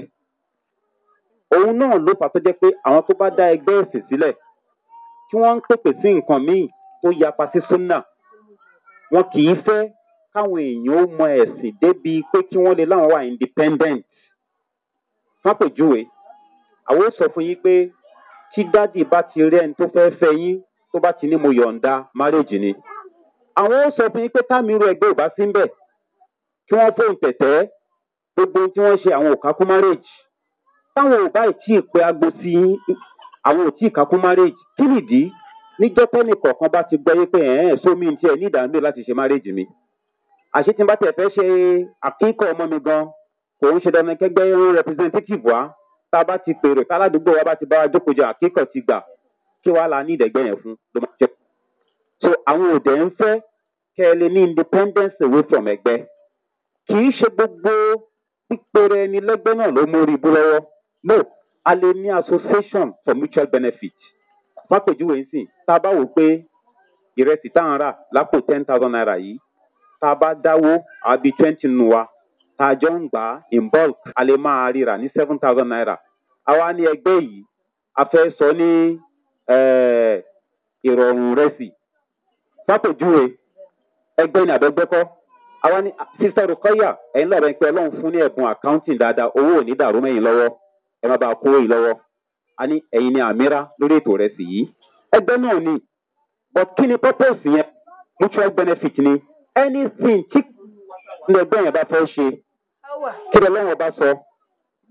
òun náà ló fà tó jẹ́ pé àwọn tó bá dá ẹgbẹ́ ẹ̀sìn sílẹ̀ tí wọ́n ń pèpè sí nǹkan míì ó yapa sí súnà wọn kì í fẹ́ káwọn èèyàn ó mọ ẹ̀sìn débi pé kí wọ́n lè láwọn wà independent wọ́n pè júwe àwọn ó sọ fún yín pé tí dádì bá ti rí ẹni tó fẹ́ẹ́ fẹ́ yín tó bá ti ní mo yọ̀ǹda márèèjì ni àwọn ó sọ fún yín pé táàmì irú ẹgbẹ́ ò bá sí ń bẹ̀ kí wọ́n fóun tẹ̀tẹ́ gbogbo ohun tí wọ́n ṣe àwọn ò kákú márèèjì táwọn ò bá ì tí ì pé agbo sí yín àwọn ò tí ì kákú márèèjì kí nìdí níjọ́ tẹ́nì kọ̀ọ̀kan bá ti gbọ́ yé pé ẹ̀ẹ́n sómi ti ẹ̀ ní ìdánwò láti ṣe márèjì mi àṣé tí n bá tẹ̀ fẹ́ ṣe àkíkọ̀ ọmọ mi gan kò ń ṣe dandan kẹgbẹ́ ń representative wa tá a bá ti pèrè káládùúgbò wa bá ti bá jókòó jẹ àkíkọ̀ ti gbà kí wàá la ní ìdẹ́gbẹ́ yẹn fún ló máa jẹ. so àwọn òde ń fẹ́ kẹ́ ẹ lè ní independence away from ẹgbẹ́ kì í ṣe gbogbo pípẹ́rẹ́ ẹni lẹ́gbẹ́ náà ló mórí ibú lọ́wọ́ no a lè ní association for mutual benefit. fápèjúwe ń sìn tá a bá wò pé ìrẹsì tá rà lápò ten thousand naira yìí tá a bá dáwó àbí twenty nù wa tá a jọ ń gbà in bulk a lè máa ríra seven thousand naira àwa ní ẹgbẹ́ yìí a fẹ́ sọ ní ìrọ̀rùn rẹsì fápèjúwe ẹgbẹ́ ní àbẹ́gbẹ́kọ́ àwa ní sista rukọ́yà ẹ̀yin lọ́rọ̀ ẹ̀ pé ọlọ́run fún ní ẹ̀bùn accounting dáadáa owó ò ní dàrú mẹ́yìn lọ́wọ́ ẹ ani ní ẹ̀yin ni àmírà lórí ètò rẹ̀ sì yìí ẹgbẹ́ náà ni but kí ni purpose yẹn mutual benefit ni anything tí ẹgbẹ́ yẹn bá fẹ́ ṣe kí ni ọlọ́run bá sọ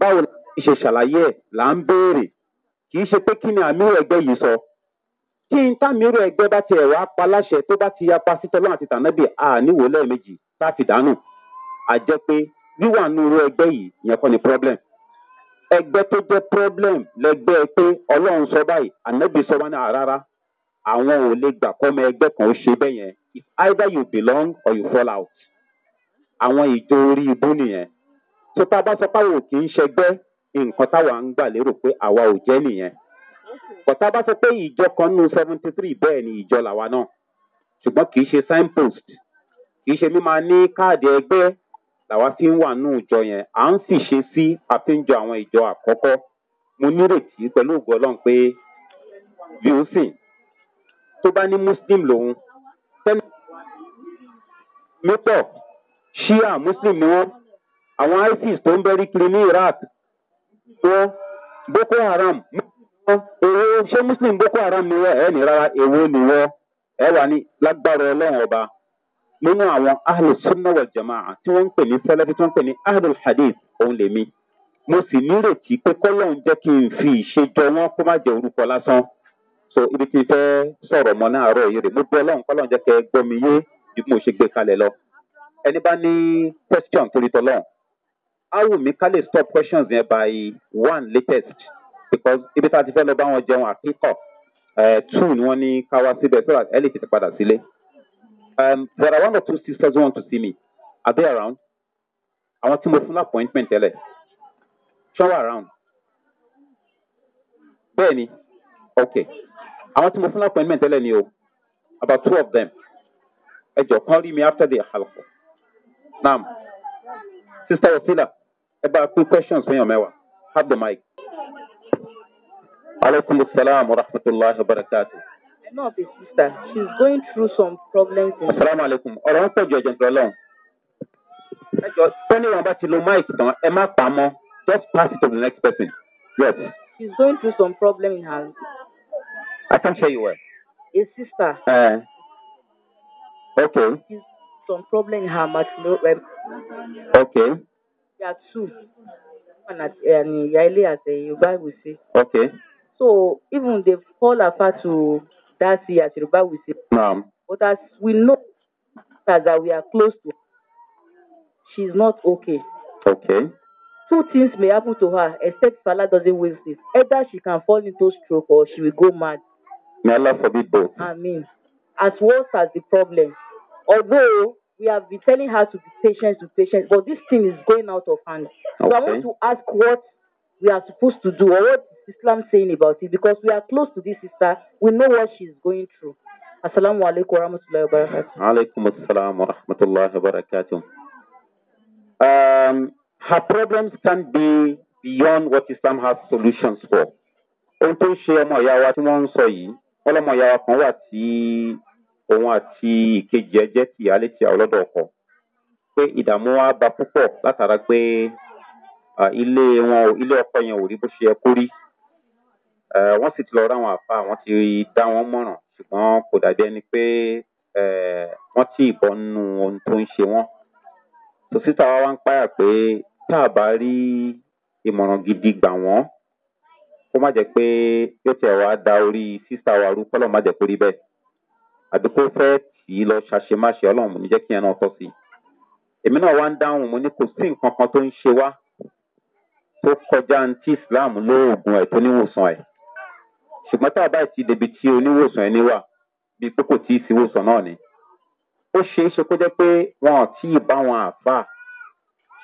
báwo la ṣe ṣàlàyé ẹ̀ là ń béèrè kì í ṣe pé kí ni àmírò ẹgbẹ́ yìí sọ kí n tàmírò ẹgbẹ́ bá ti ẹ̀wà pa láṣẹ tó bá ti yapa sí tọ́lọ́run àti tànábì àníwò lẹ́ẹ̀mejì tá a fi dànù àjẹpé wíwà nínú ẹgbẹ́ yìí yẹn kọ́ ni problem ẹgbẹ́ tó jẹ́ problem lẹgbẹ́ pé ọlọ́run sọ báyìí ànábì sọ wọn náà ah, rárá àwọn ò lè gbà kọ́ ọmọ ẹgbẹ́ kan ó ṣe bẹ́ẹ̀ yẹn it's either you belong or you fall out àwọn ìjọ orí ibú nìyẹn tó tá a bá sọ páwọn ò kì í ṣẹgbẹ́ nǹkan táwa ń gbà lérò pé àwa ò jẹ́ nìyẹn bọ̀tá bá sọ pé ìjọ kan nínú seventy three bẹ́ẹ̀ ni ìjọ làwa náà ṣùgbọ́n kì í ṣe signpost kì í ṣe mímọ ní káàdì ẹgbẹ́ làwa fi ń wà nù ìjọ yẹn à ń sì ṣe sí àfihàn àwọn ìjọ àkọ́kọ́ mo nírètí pẹ̀lú ògo ọlọ́run pé bí ó sìn tó bá ní muslim lòun tẹ́lẹ̀ mẹ́tọ̀ ṣíà muslim ni wọ́n àwọn isis tó ń bẹ́rí kiri ní iraq wọ́n boko haram èrò ṣé muslim boko haram ni wọ́n ẹ̀ ní rárá èwo ni wọ́n ẹ̀ wà ní lágbára ọlọ́run ọba nínú àwọn ahlus sunna wal jama'a tí wọ́n ń pè ní sẹ́lẹ́fì tí wọ́n ń pè ní ahlul hadith òun lèmi mo sì nírètí pé kọ́lọ́hún jẹ́ kí n fi ìṣèjọ wọn kó má jẹ orúkọ lásán so ibi tí n fẹ́ sọ̀rọ̀ mọ́ náà àárọ̀ yìí rè mo bẹ ọlọ́run kọ́lọ́hún jẹ́ kẹ́ gbọ́ mi yé ju bí mo ṣe gbé kalẹ̀ lọ ẹni bá ní question torí tọ́lọ́hún á wù mí ká lè stop questions yẹn by one latest because ibi tá a ti fẹ́ lọ bá wọn jẹun àkíkọ̀ eh, two ni wọ́n ní ká wá síbẹ̀ so that ẹ lè tètè padà sílé. Um, there are one or two sisters who want to see me. Are they around? Àwọn tí mo fún appointment tẹ́lẹ̀. Show wọ́n around? Bẹ́ẹ̀ni, ok. Àwọn tí mo fún appointment tẹ́lẹ̀ you About two of them. Ẹ jọ kán rí mi after the halakọ. Naam. Sister Wasila, About two questions for your mẹ́wàá. Have the mic. Aleykum salaam wa rahmatulahi wa barakatuh náà the sister she going through some problems. asalaamualeykum ọ̀rọ̀ ń pẹ̀jọ ìjẹ̀dùrọ̀ lọ́hùn. ẹ jọ tẹ́ni wọn bá ti lo mic tán ẹ má pa mọ́ just pass it to the next person. yes. She's going through some problem in her. I can hear you well. A sister. Uh, okay. She's some problem in her matrimonial. Okay. There are two. One at um, Yaeli as a Yoruba will say. Okay. So even they call her far to That's as Yoruba we say. No. But as we know, as that we are close to she's not okay. Okay. Two things may happen to her except if Allah doesn't will this. Either she can fall into stroke or she will go mad. May Allah forbid both. I mean, as worse as the problem, although we have been telling her to be patient, to patient, but this thing is going out of hand. Okay. So I want to ask what we are supposed to do or what Islam saying about it because we are close to this sister. We know what she's going through. Assalamu alaikum wa rahmatullahi wa barakatuh. Alaikum assalam wa rahmatullahi wa barakatuh. Um, her problems can be beyond what Islam has solutions for. Ohun tó ń ṣe ọmọ ìyá wa tí wọ́n ń sọ yìí, wọ́n lọ́mọ ìyá wa kan wà tí òun àti ìkejì ẹ jẹ́ ti ìyáálé ti ọlọ́dọ̀ ọkọ. Pé ìdààmú wa ba púpọ̀ látara pé ilé wọn ilé ọkọ yẹn ò rí bó ṣe yẹ kó rí. Eh, wọ́n sì ti lọ ráwọn àfa wọ́n ti dá wọn mọ̀ràn ṣùgbọ́n kò dàbí ẹni pé eh, wọ́n tí ìbọn nu ohun tó ń ṣe wọ́n. sòsítà wa wá ń páyà pé tá a bá rí ìmọ̀ràn gidi gbà wọ́n kó má jẹ́ pé yóò tẹ̀ wá da orí sísá wa rú kọ́lọ̀ má jẹ́ pé rí bẹ́ẹ̀ àbí kó fẹ́ tì í lọ ṣàṣemáṣe ọlọ́run ní jẹ́ kí yẹn náà tọ́ sí i. èmi náà wá ń dáhùn mo ní kò sí nǹkan kan tó ń ṣe wá tó kọjá ní ti islam lóògùn ẹ̀ tó níwòsàn ẹ̀ ṣùgbọ́n tá a bá ti débi tí oníwòsàn ẹni wà bíi pé kò tíì síwòsàn náà ni ó ṣeé ṣe kó jẹ́ pé wọn ò tíì bá wọn àfà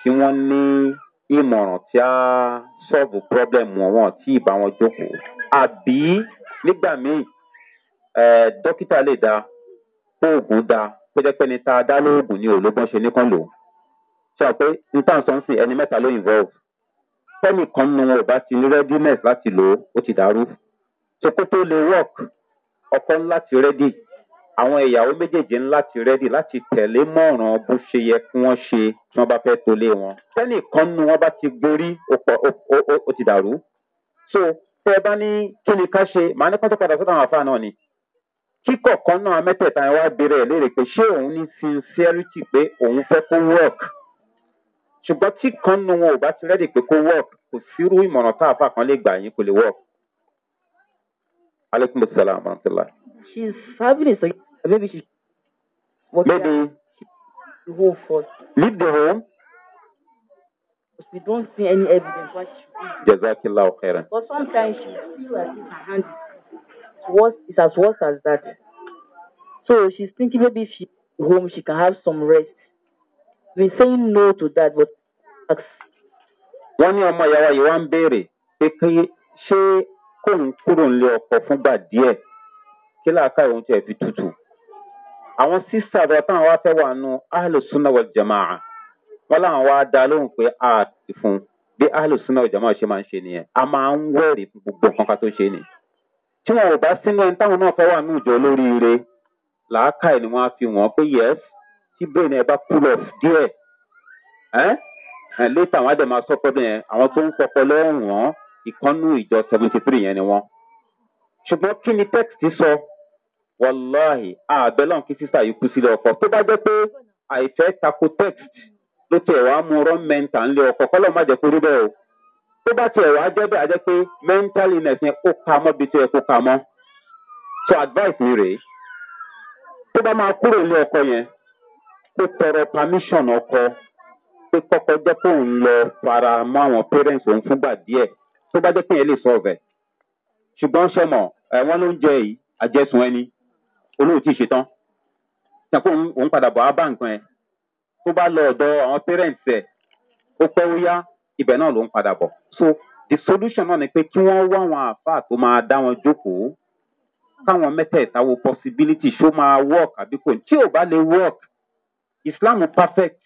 tí wọ́n ní ìmọ̀ràn tí a sọ́ọ̀bù pírọ́blẹ̀mù wọn wọn ò tíì bá wọn jókòó àbí nígbà míì dókítà lè da oògùn da kó jẹ́ pé ní tá a dá lóògùn ni òlógbọ́n ṣe nìkan lò ṣe àpé níta ẹni mẹ́ta ló involve tẹ́nìkan nínú wọn ò bá ti ní readiness láti lò ó ó ti dàrú so kó work ọkọ ńlá ti rẹ́dì àwọn ìyàwó méjèèjì ńlá ti rẹ́dì láti tẹ̀lé mọ̀ràn bó ṣe yẹ kí wọ́n ṣe tí wọ́n bá fẹ́ tolé wọn. sẹ́nì kan nu wọn bá ti gborí ó ti dàrú. so tẹ́ ẹ bá ní kí ni ká ṣe màá ní kọ́tọ́ padà sọ́dọ̀ àwọn àfáà náà ni. kíkọ̀ kan náà mẹ́tẹ̀ẹ̀ta ẹ̀ wá bèrè ẹ̀ léèrè pé ṣé òun ní sincerity pé òun fẹ́ kó work. ṣùgbọ́n tí kan nu wọn ò bá ti rẹ́dì pé kó work kò sírú ìmọ̀ràn tá work. Alaikum salam rahmatullah. She's having a second. Maybe she. Maybe. The home first. Leave the home. Because we don't see any evidence why she should khairan. But sometimes she feels as if her hand is worse, is as worse as that. So she's thinking maybe if she home she can have some rest. We're saying no to that, but. wọ́n ní ọmọ ìyàwó yìí wá kóun kúrò nílé ọkọ fúngbà díẹ̀ kí láàká òun tiẹ̀ fi tutù. àwọn sísá rẹ táwọn wá fẹ́ wà nù ahlùsúnà wọ jẹ̀máà wọn làwọn wá dá lóhùn pé a ti fún bí ahlùsúnà wọ jẹ̀máà ṣe máa ń ṣe nìyẹn a máa ń wẹ̀rì gbogbo nǹkan ká tó ṣe ni. tí wọn ò bá sínú ẹni táwọn náà fẹ́ wà nù ìjọ olóríire làákà ẹ̀ ni wọ́n á fi wọ́n pé yẹ́s tí brain ẹ bá cool off díẹ̀ ẹ́ létà wọn á dẹ̀ máa sọ pé bẹ́ẹ̀ àwọn tó ń fọpọ lọ́rùn wọn ìkọ́nú ìjọ seventy three yẹn ni wọ́n. ṣùgbọ́n kí ni text sọ wàláhì àbẹ̀ lọ́n kí sísá yìí kú sílẹ̀ ọkọ̀ tó bá jẹ́ pé àìfẹ́ tako text ló tiẹ̀ wá mú rán mental ńlẹ̀ ọkọ̀ kọ́lọ́ má jẹ́ kó bẹ́ẹ̀ o tó bá tiẹ̀ wá jẹ́ bẹ́ẹ̀ a jẹ́ pé mental illness yẹn kó ka mọ́ bí tó yẹ kó ka mọ́ so advice mi rèé tó bá máa kúrò ní ọkọ yẹn kó tọrọ permission ọkọ pé kọ́kọ́ jẹ́ pé òun lọ fara mọ́ àwọn parents òun fúngbà díẹ̀ tó bá jẹ́ pé yẹn lè sọ ọ̀vẹ̀ ṣùgbọ́n sọmọ ẹ̀wọ́n ló ń jẹ yìí àjẹsùn ẹni olóòtú ṣetán ṣàpò òun padà bọ̀ á bá nǹkan ẹ̀ tó bá lọ ọ̀dọ̀ àwọn parents ẹ̀ ó pẹ́ ó yá ibẹ̀ náà ló ń padà bọ̀ so the solution náà ni pé kí wọ́n wá àwọn àáfàá tó máa dá wọn jókòó káwọn mẹ́tẹ̀ẹ̀ta wo possibility ṣó máa work àbí kò tí ò bá lè work islam perfect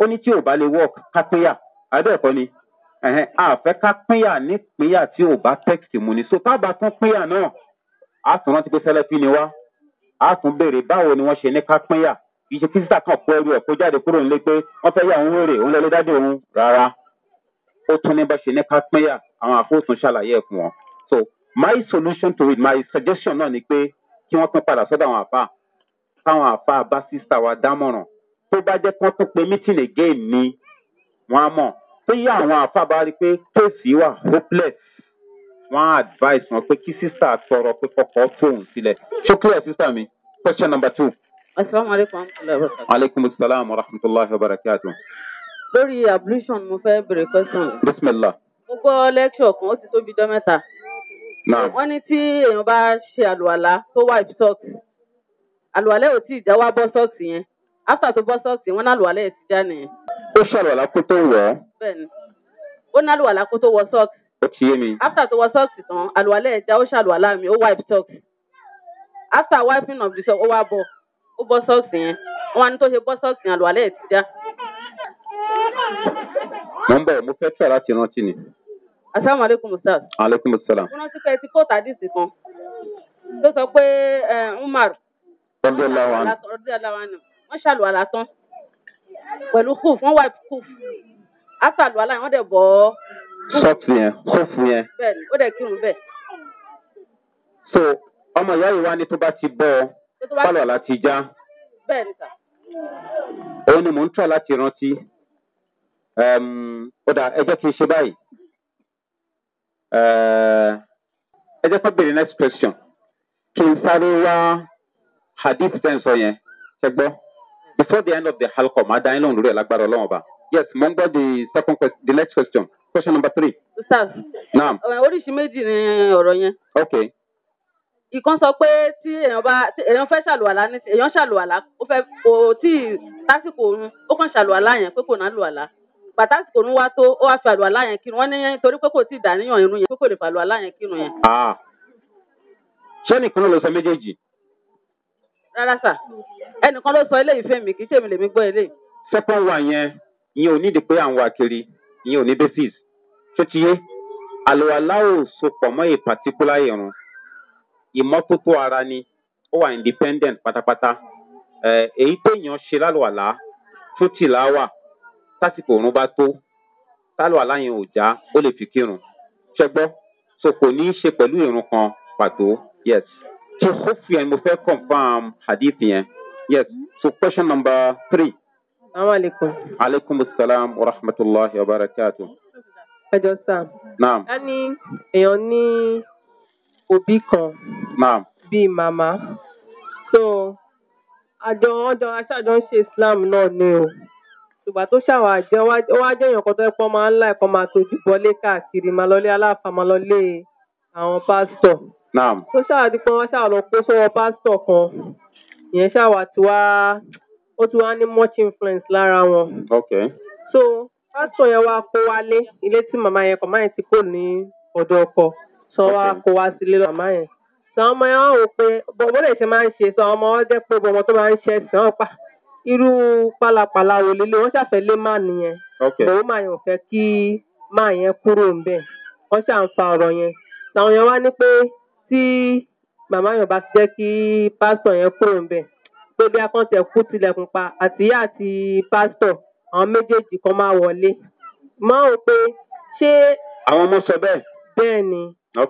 ó ní tí ò bá lè work kápẹ́yà àbẹ́ẹ̀kọ́ ni àfẹ́ ká pínyà nípínyà tí ò bá tẹ́kìtì mu ni so tábà tún pínyà náà á tún rántí pé sẹ́lẹ́fì ni wá á tún béèrè báwo ni wọ́n ṣe ní ká pínyà kì kíṣítà kan pọ̀ ẹrú ẹ̀ kó jáde kúrò nílé pé wọ́n fẹ́ yà òun wèrè òun lọ́lé dájú òun rárá ó tún ní bá ṣe ní ká pínyà àwọn àfóòsùn ṣàlàyé ẹ̀ wọn so my solution to it my suggestion náà ni pé kí wọ́n tún padà sọ́dọ̀ àwọn àfa táwọn àfa bá sísà wa dámọ̀ràn tó bá jẹ́ kí wọ́n tún pe meeting again ni wọ́n á mọ̀ péyà àwọn àfa bá rí i pé kéèsì wà hopeless wọn á advice wọn pé kí sísà tọrọ pé kọkọ tóun sílẹ̀ ṣó clear sísà mi question number two. asalaamualeykum. aleykum rahmatulahi wa barakatu. lórí ablution mo fẹ́ bèrè question. bisimilah. mo gbọ́ lecture kan ó ti tóbi jọ mẹ́ta. wọ́n ní tí èèyàn bá ṣe àlùwàlá tó wipe socks àlùwàlá ò tí ì já bọ́ socks yẹn after tó bọ́ socks yẹn wọ́n ní àlùwàlá ẹ̀ ti já nìyẹn ó ṣàlùwàlá kó tó wọ̀ ọ́. bẹẹni ó ní àlùwàlá kó tó wọ sọọkì. ó ti yé mi. after tó wọ sọọkì tán àlùwàlá ẹja ó ṣàlùwàlá mi ó wipe sọọkì after wiping of the sock ó wá bọ ó bọ sọọkì yẹn wọn á ní tó ṣe bọ sọọkì yẹn àlùwàlá ẹ já. mo ń bọ̀ mo fẹ́ tẹ̀ láti rántí ni. asalaamualeykum ustaz. aleykum salaam. mo rántí pé ẹ ti kó tàdísì kan tó sọ pé eh, umar. ọdún ọlá wa ni. ọdún ọlá wa ni wọ́n ṣàlùwàlá tán pẹ̀lú kúf wọ́n wá kúf ásàlù aláìn wọ́n dẹ̀ bọ́. sọ́ọ̀tù yẹn kúf yẹn. bẹ́ẹ̀ni ó dẹ̀ kírun bẹ́ẹ̀. so ọmọ ìyá yìí wá ní tó bá ti bọ́ ọ pálọ̀ àlá ti já. bẹ́ẹ̀ni sà. òun ni mò ń tọ́ láti rántí ó dà ẹ jẹ́ kí n ṣe báyìí ẹ jẹ́ kó béèrè next question kí n sáré wá hadith tẹ́ ń sọ yẹn ṣe before the end of the halkọ máa dá yín lóhùn lórí ẹ̀ lágbára ba yes mo ń gbọ́ the second question the next question question number three. sir naam oríṣi méjì ni ọ̀rọ̀ yẹn. okay. ìkan sọ pé tí èèyàn bá èèyàn fẹ́ ṣàlùwàlá ní èèyàn ṣàlùwàlá ó fẹ́ kò tí ì lásìkò oorun ó kàn ṣàlùwàlá yẹn pé kò ná lùwàlá pàtàkì kò ní wá tó ó wá fi àlùwàlá yẹn kírun wọn ní yẹn torí pé kò tí ì dàníyàn irun yẹn pé kò lè fàlùwàlá yẹn kírun yẹn. Ah. ṣé nìkan ló sọ méjèèjì rárá sà ẹnìkan ló sọ eléyìí fún mi kì í ṣèmi lèmi gbọ́ eléyìí. second one yẹn ìyẹn ò nídìí pé à ń wá kiri ìyẹn ò ní basis tó ti yé àlùwàlá ò sopọ̀ mọ́ a particular irun ìmọ́tótó ara ni ó wà independent pátápátá èyí téèyàn ṣe lálùwàlá tó tì láwà tásìkò òrun bá tó tálùwàlá yẹn ò já ó lè fi kírun ṣẹgbọ́ so kò ní í ṣe pẹ̀lú irun kan pàtó yes so hopefully mo fẹ́ confam hadith yẹn yes so question number three. salaamaleykum. aleykum salaam wa rahmatulahi wa barakatu. ẹ jọ sá. naam. a ní èèyàn ní òbí kan. naam. bíi màmá. so àjọ ọjọ aṣáájọ ń ṣe islam náà ni o ìgbà tó ṣàwà jẹ ó wá jẹ èèyàn kan tó ẹ pọn máa ń láì kan máa tójú bọlé káàkiri máa lọlé aláàfáà máa lọlé àwọn pásítọ̀. Naam. Ó ṣáà di pé wọ́n ṣáà lọ pásítọ̀ kan. Ìyẹn ṣáà wà tí wá ó ti wá ní much influence lára wọn. Okay. So pásítọ̀ yẹn wá kó wálé ilé tí màmá yẹn kọ̀ máa yẹn ti kó ní ọ̀dọ̀ ọkọ. wá màmá yẹn. Sọ ọmọ yẹn wá pé lè máa ń ṣe sọ ọmọ wọn jẹ́ pé làwọn èèyàn wá ní pé tí màmá yẹn bá jẹ́ kí pásítọ̀ yẹn kúrò ń bẹ̀ pé bí akọ́ńtẹ̀ kú tilẹ̀kùn pa àtìyá àti pásítọ̀ àwọn méjèèjì kan máa wọlé mọ́ ò pé ṣé. àwọn ọmọ sọ bẹ́ẹ̀. bẹ́ẹ̀ ni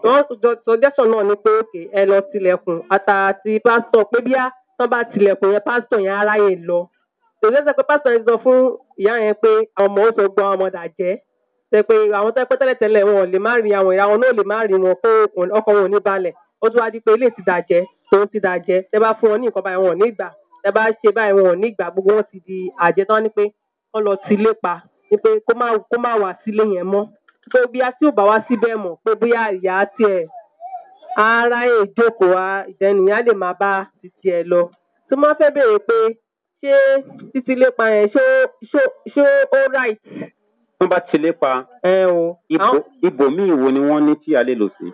wọ́n suggestion náà ni pé òkè ẹ lọ tilẹ̀kùn àtàtì pásítọ̀ pé bíá tán bá tilẹ̀kùn yẹn pásítọ̀ yẹn aráyè lọ tòlẹ́sẹ̀ pé pásítọ̀ yẹn sọ fún ìyá yẹn pé ọmọ ó sọ gbọ́ ọmọdà jẹ́ tẹ́ pé àwọn tẹ́ pé tẹ́lẹ̀tẹ́lẹ̀ wọn ò lè má rí àwọn ìyá wọn náà lè má rí wọn kó ọkàn wọn ò ní balẹ̀ ó tún wá di pé ilé ti dàjẹ́ tòun ti dàjẹ́ tẹ́ bá fún wọn ní nǹkan báyìí wọn ò ní gbà tẹ́ bá ṣe báyìí wọn ò ní gbà gbogbo wọn ti di àjẹ́ tán ni pé kán lọ ti ilé pa ni pé kó má kó sílé yẹn mọ́ pé bí a tí ò bá wá síbẹ̀ mọ̀ pé bóyá ìyá tiẹ̀ ara ẹ̀ jókòó wa ìdẹ́nìyàn lè máa bá titi ẹ̀ lọ tó máa fẹ́ béèrè pé ṣé títí lépa yẹn ṣó ṣó ṣó ó right tó bá ti lépa ibòmíì wo ni wọ́n ní tí a lè lò sí.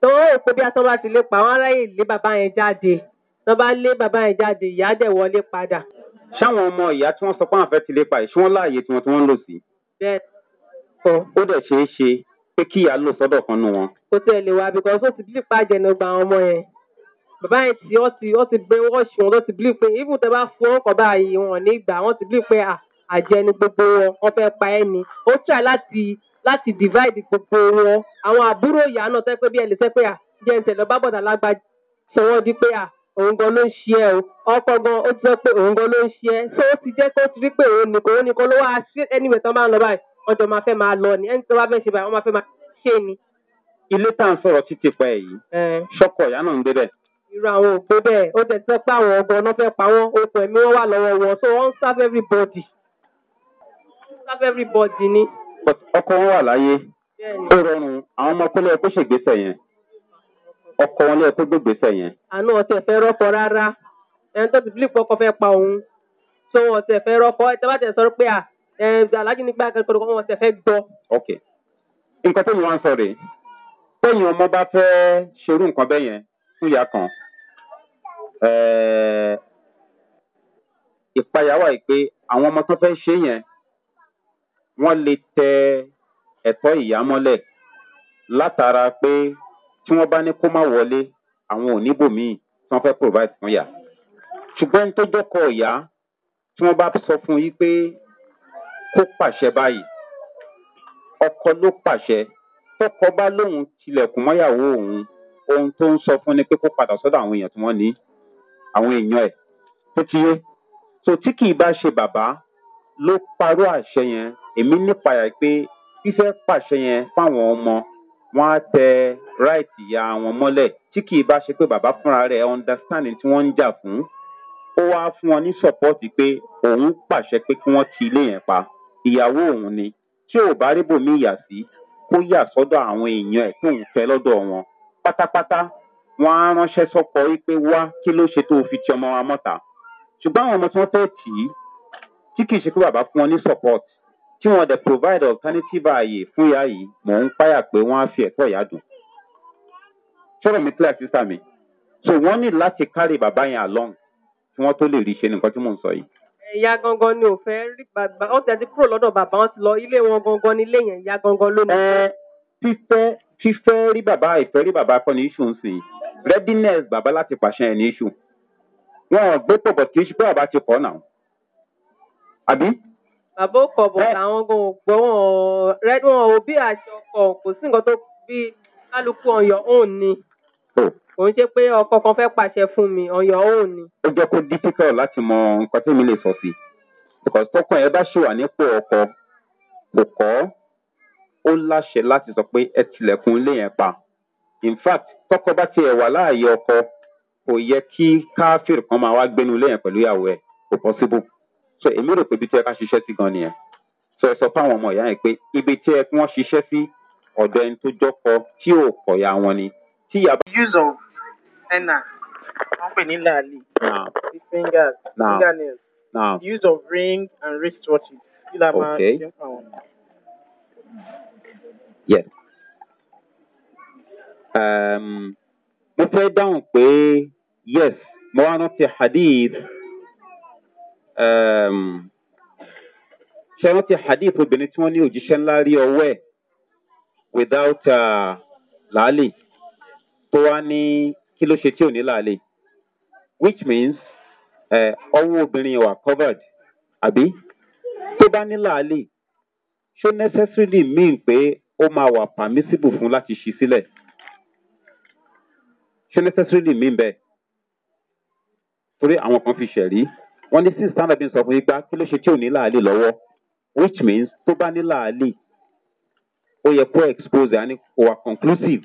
tọ́wọ́ òpó bí atọ́ bá ti lépa wọ́n ráyè lé bàbá yẹn jáde tó bá lé bàbá yẹn jáde ìyá dẹ̀ wọlé padà. ṣáwọn ọmọ ìyá tí wọ́n sọ pé àwọn fẹ́ ti lépa ìṣúná láàyè tí wọ́n ti wọ́n lò sí. bẹ́ẹ̀ kọ́. ó dẹ̀ é ṣe pé kí ìyá lò sọ́dọ̀ kan nù wọn. kò tẹ̀ lè wá bíkọ́ tó ti bílípà jẹnu gba ọmọ yẹn bàbá yẹn ti ó ti ó ti brainwash wọn ló ti bílípà even tó bá fún ọkọ̀ báyìí wọn nígbà wọn ti bílípà àjẹ́ ni gbogbo wọn wọ́n fẹ́ pa ẹ́ ni ó try láti láti divide gbogbo wọn àwọn àbúrò ìyá náà tẹ́ pé bí ẹni tẹ́ pé à jẹ́ ń tẹ̀lé bábọ̀dà lágbájá sọ wọ́n di pé à òun gan ló ń ṣe ẹ o ọkọ gan ó ti sọ pé òun gan ló ń ṣe ẹ so ó ti jẹ́ pé ó ti rí pé òun nìkan òun nìkan ló wá sí ẹniwẹ̀ tán máa ń lọ báyìí ọjọ́ máa fẹ́ máa lọ ni ẹni tó bá fẹ́ ṣe báyìí wọ́n máa fẹ́ máa ṣe ni. ilé tá à ń sọ̀rọ̀ títí pa ẹ̀ yìí ṣọ́kọ̀ ìyá náà ń débẹ̀. irú àwọn òpó bẹ́ẹ̀ ó tẹ̀ sọ pé àwọn ọgbọ́n náà fẹ́ pa wọ́n okùn ẹ̀mí wọn wà lọ́wọ́ wọn so wọ́n ń serve everybody serve everybody ni. but ọkọ wọn wà láyé ó rọrùn àwọn ọmọ kọlẹ kó ṣègbésẹ yẹn ọkọ wọn lẹ kó gbégbèsẹ yẹn. àná ọtẹ fẹ rọkọ rárá ẹni tó ti bílí pọkọ fẹ pa òun tó ọtẹ fẹ rọkọ ẹ tẹbàtẹ sọ pé à ẹ alájú nígbà kẹkọọ kọ ọtẹ fẹ gbọ. ok nǹkan tó yẹ wọn sọ rèé tẹyìn ọmọ bá fẹ ṣerú nǹkan bẹ yẹn fún ìyá kan ìpayà wà pé àwọn ọmọ tó fẹ ṣe yẹn wọ́n le tẹ ẹ̀tọ́ ìyá mọ́lẹ̀ látara pé tí wọ́n bá ní kó má wọlé àwọn ò níbòmíì tí wọ́n fẹ́ provide fún yà. ṣùgbọ́n tó jọ́kọ ìyá tí wọ́n bá sọ fún yín pé kó pàṣẹ báyìí ọkọ ló pàṣẹ tọkọ bá lóun tilẹ̀kùn mọ́yàwó òun ohun tó ń sọ fún ni pé kó padà sọ́dọ̀ àwọn èèyàn tí wọ́n ní àwọn èèyàn ẹ̀ tó ti yé so tí kì í bá ṣe bàbá ló parọ́ àṣẹ yẹn èmi nípayà pé fífẹ́ pàṣẹ yẹn fáwọn ọmọ wọn á tẹ ráìtì ìyá wọn mọ́lẹ̀ tí kì í bá ṣe pé bàbá fúnra rẹ̀ understand tí wọ́n ń jà fún ó wáá fún wọn ní sọ́pọ́ọ̀tì pé òun pàṣẹ pé kí wọ́n ti ilé yẹn pa ìyàwó òun ni tí ò bá rí bòmí ìyà sí kó yà sọ́dọ̀ àwọn èèyàn ẹ̀ tó ń fẹ́ lọ́dọ̀ wọn pátápátá wọn á ránṣẹ́ sọ́kọ wípé wá kí ló ṣe tó fi ti ọmọ wa mọ́ta ṣùgbọ́n àwọn ọmọ tí wọ́n fẹ́ tì í tí kì í ṣe pé bàbá fún wọn ní support tí wọn dẹ̀ provide alternative ààyè fún ìyá yìí mò ń páyà pé wọ́n á fi ẹ̀kọ́ ìyá dùn. sọ̀rọ̀ mi clear sísá mi so wọ́n ní láti carry bàbá yẹn along kí wọ́n tó lè rí ṣe nǹkan tí mò ń sọ yìí. ẹ̀yà gangan ni ò fẹ́ rí bàbá wọ́n tẹ̀ ti kúrò lọ́dọ̀ bàbá wọn ti lọ ilé wọn gangan ní ilé yẹn ìyá gangan ló ní. ẹ fífẹ́ fífẹ́ rí bàbá ìfẹ́ rí bàbá kọ́ ní issue ń sìn readiness bàbá láti pàṣẹ ẹ̀ ní issue wọn ò gbé pọ̀ bọ̀ kì í ṣe pé bàbá ti kọ́ náà àbí bàbá ò kọ bọ̀ àwọn gan ògbọ́ wọn wọn ò bí àṣẹ ọkọ kò sí nǹkan tó bí kálukú ọyọ òun ni hmm. kò ń ṣe pé ọkọ kan fẹ́ pàṣẹ fún mi ọyọ òun ni. ó jẹ́ kó difficult láti mọ nǹkan tí mi lè sọ sí because tọkàn ẹ bá ṣì wà nípò ọkọ kò kọ́ ó láṣẹ láti sọ pé ẹ tilẹ̀kùn ilé yẹn pa in fact tọkọ bá tiẹ̀ wà láàyè ọkọ kò yẹ kí káfíìr kan máa wá gbénu ilé yẹn pẹ̀lú ìyàwó ẹ̀ kò possible so èmi rò pé ibi tí ẹ bá ṣiṣẹ́ sí gan nìyẹn so ẹ sọ fún àwọn ọmọ ìyá yẹn pé ibi tí ẹ kí wọ́n ṣiṣẹ́ sí ọ̀dọ̀ ẹni tó jọ́kọ tí ò kọ̀yà wọn ni tí ìyá bá. use of henna wọ́n pè ní laali the fingers nah. fingernails nah. use of ring and wrist watches kí la máa ṣe fún yes. Um, mo fẹ́ dáhùn pé yes mo wá rántí hadith. Ehm, ṣe rántí hadith obìnrin tí wọ́n ní òjíṣẹ́ ńlá rí ọwọ́ ẹ̀ without uh, làálì tó wá ní kí ló ṣe tí ò ní làálì which means ọwọ́ uh, obìnrin wà covered àbí tó bá ní làálì ṣó necessarily mean pé ó máa wà permissible fún láti ṣí sílẹ̀ ṣó necessarily mean bẹ́ẹ̀ torí àwọn kan fi ṣẹ̀rí wọn ní sí standard sọ fún igbá kí ló ṣe tí ò ní làálì lọ́wọ́ which means tó bá ní làálì ó yẹ kó expose and kó wa conclusive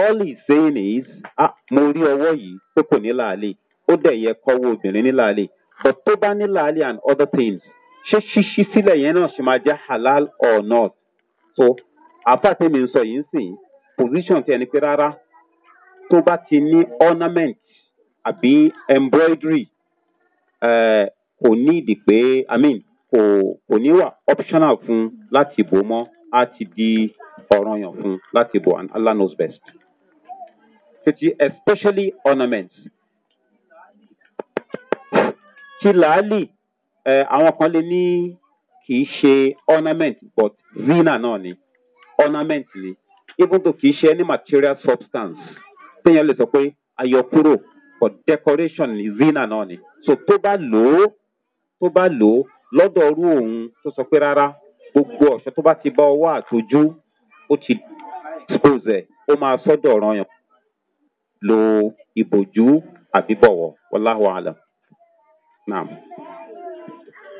all he saying is ah mo rí ọwọ́ yìí pé kò ní làálì ó dẹ̀ yẹ kọ́wọ́ obìnrin ní làálì but tó bá ní làálì and other things ṣé ṣíṣí sílẹ̀ yẹn náà ṣe máa jẹ́ halal or not so àfàtẹ́mi ń sọ yìí ń sìn position ti ẹni pé rárá tó bá ti ní ornament àbí embroidery kò ní ìdí pé i mean kò kò ní wà optional fún láti bò mọ́ á ti di ọ̀ranyàn fún láti bò and allah knows best. Títí especially ornaments. Tí làálì eh, àwọn kan lè ní kì í ṣe ornament but zina náà ni ornament ni even though kì í ṣe any material substance téèyàn lè sọ pé ayọkúrò for decoration ni zina náà ni so tó bá lò ó tó bá lò ó lọ́dọ̀ ọrú òun tó sọ pé rárá gbogbo ọ̀ṣọ́ tó bá ti bá ọwọ́ àtòjú ó ti expose ẹ̀ ó máa sọ́dọ̀ ọ̀ràn yàn lo ìbòjú àbí bọ̀wọ̀ wọláhùn àlà. Now,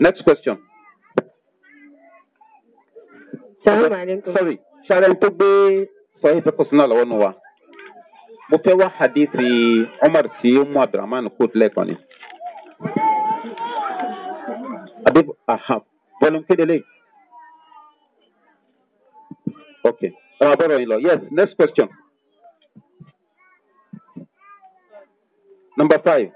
next question. Salaam alaikum. Sorry, Sharon tó gbé sọ ìfẹ́ kọ̀sínà lọ́wọ́ nù wa. mo fẹ́ wá hadithi umar tí ó mú abdulrahman kóòtù lẹ́ẹ̀kan ni. adébò aha bọ́lú kéde lè. ok ọmọ abọ́rọ̀ yìí lọ yes next question. number five.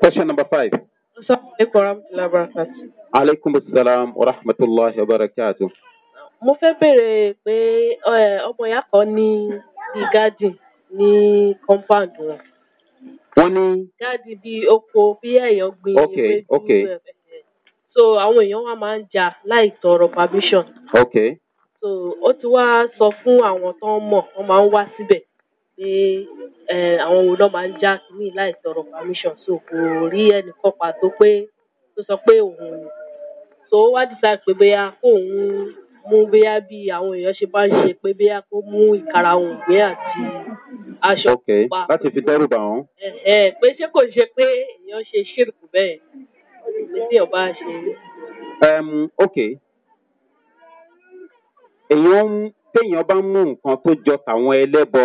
question number five. السلام عليكم ورحمة الله وبركاته. عليكم السلام ورحمة الله وبركاته. Mo fẹ́ bèèrè pé ọmọ ìyá kan ní bíi garden ní compound wọn. Wọ́n ní. Garden bíi oko bí èèyàn gbin Okay, ewédú, okay. ẹ̀fẹ̀. So àwọn èèyàn wá máa ń ja láì tọrọ permission. Okay. So ó ti wá sọ fún àwọn tán mọ̀, wọ́n máa ń wá síbẹ̀ pé àwọn wo lọ́ máa ń já kiní yìí láì tọrọ permission. So kò rí ẹnìkan pàtó pé tó sọ pé òun ni. So ó wá decide pé bóyá kóun mú bóyá bí àwọn èèyàn ṣe bá ń ṣe pé bóyá kó mú ìkara òun gbé àti aṣọ pupa. láti fi dẹ́rù bà wọ́n. ẹ ẹ pé ṣé kò ṣe pé èèyàn ṣe ṣírùkù bẹ́ẹ̀ ní bí ọba ṣe. ok èèyàn téèyàn bá mú nǹkan tó jọ tàwọn ẹlẹ́bọ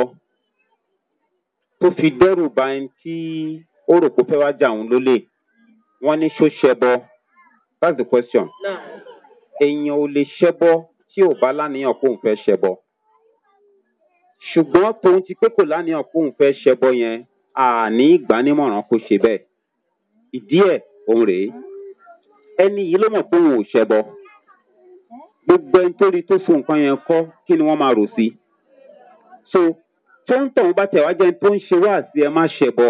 tó fi dẹ́rù ba ẹni tí ó rò pé fẹ́ wá jà òun lólè wọ́n ní ṣó ṣẹbọ that's the question. No èèyàn ò lè ṣẹbọ tí ò bá láníyàn pé òun fẹ́ ṣẹbọ. ṣùgbọ́n tòun ti pé kò láníyàn pé òun fẹ́ ṣẹbọ yẹn àní ìgbanímọ̀ràn kó ṣe bẹ́ẹ̀. ìdí ẹ̀ òun rèé ẹni yìí ló mọ̀ pé òun ò ṣẹbọ. gbogbo ẹni tó rí tó so nǹkan yẹn kọ́ kí ni wọ́n máa rò sí. so tó ń tọ̀hún bá tẹ̀ wá jẹ́ tó ń ṣe wá sí ẹ má ṣẹbọ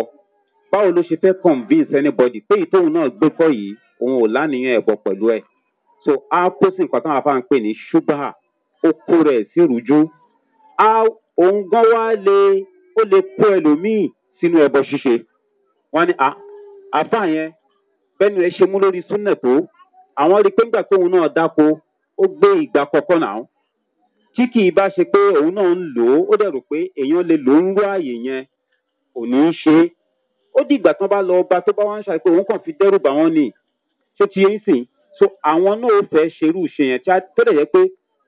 báwo ló ṣe fẹ́ convince anybody pé ìtóhun náà gbé kọ́ yìí òun ò láníyàn ẹ̀bọ pẹ̀lú ẹ̀. so á kó sí nǹkan táwọn afáà ń pè ní ṣúgà ó kó rẹ̀ sí rújú á òun gan wá lè ó lè kó ẹlòmíì sínú ẹbọ ṣíṣe wọn ni à àfáà yẹn bẹ́ẹ̀ni ẹ ṣe mú lórí súnẹ̀ àwọn rí i pé ńgbà tóun náà dáko ó gbé ìgbà kọ̀ọ̀kan náà tí kì í bá ṣe pé òun náà ń lò ó ó dẹ̀ pé èèyàn lè lò ń rú àyè yẹn ní í ṣe fi dẹ́rù ni ṣé ti ń so àwọn náà fẹ́ ṣerú ṣe yẹn tó dẹ̀ jẹ́ pé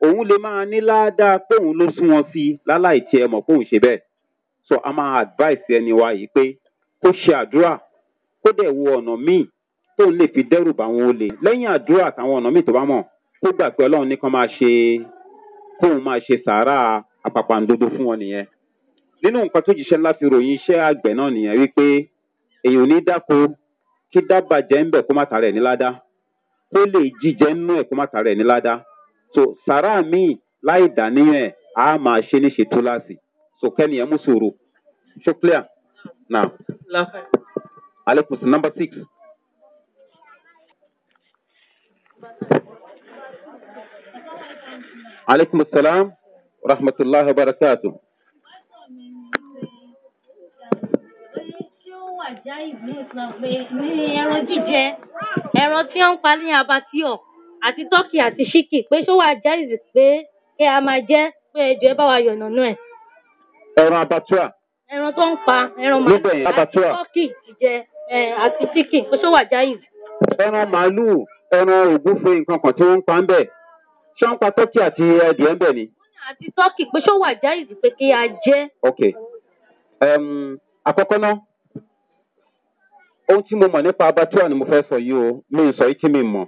òun lè máa ní ládàá póun ló sún wọn sí láláì tiẹ̀ mọ̀ póun ṣe bẹ́ẹ̀ so a máa advice ẹni wa yìí pé kó ṣe àdúrà kó dẹ̀ wo ọ̀nà míì tóun lè fi dẹ́rù bá wọn olè lẹ́yìn àdúrà àtàwọn ọ̀nà míì tó bá mọ̀ kó gbà pé ọlọ́run nìkan máa ṣe kóun máa ṣe sàárà àpàpàǹdodo fún wọn nìyẹn nínú nǹkan tó jíṣẹ́ ńlá fi ròyìn iṣẹ́ àgbẹ̀ náà nìyẹn wípé èèyàn ò ní dáko kí dábàá ń bẹ̀ kó má tara ní ládàá kó lè jíjẹ nínú ẹ̀ kó má tara ẹ̀ ní ládá so sàrà míì láì dàníyàn ẹ̀ á máa ṣe níṣe tó láàsì so kẹ́ni ẹ̀ mú sòrò ṣó clear now alekun sí number six. aleykum salaam wa rahmatulahi wa barakatuh. ajaib ní Islam pé ní ẹran jíjẹ ẹran tí wọ́n ń pa ní abatiyọ̀ àti tọ́kì àti ṣíkì pé ṣó wà ajaib pé kí a máa jẹ pé ẹjọ́ ẹ bá wa yọ̀nà náà ẹ̀. ẹran abatua. ẹran tó ń pa ẹran màálù àti tọ́kì jíjẹ àti ṣíkì pé ṣó wà ajaib. ẹran màálù ẹran ògúnfe nǹkan kan tí wọ́n ń pa ń bẹ̀ ṣé wọ́n ń pa tọ́kì àti ẹdìẹ ń bẹ̀ ni. àti tọ́kì pé ṣó wà ajaib pé kí a jẹ. ok àkọ́kọ́ náà ohun tí mo mọ̀ nípa abatua ni mo fẹ́ sọ yìí o mi ì sọ yìí tí mi mọ̀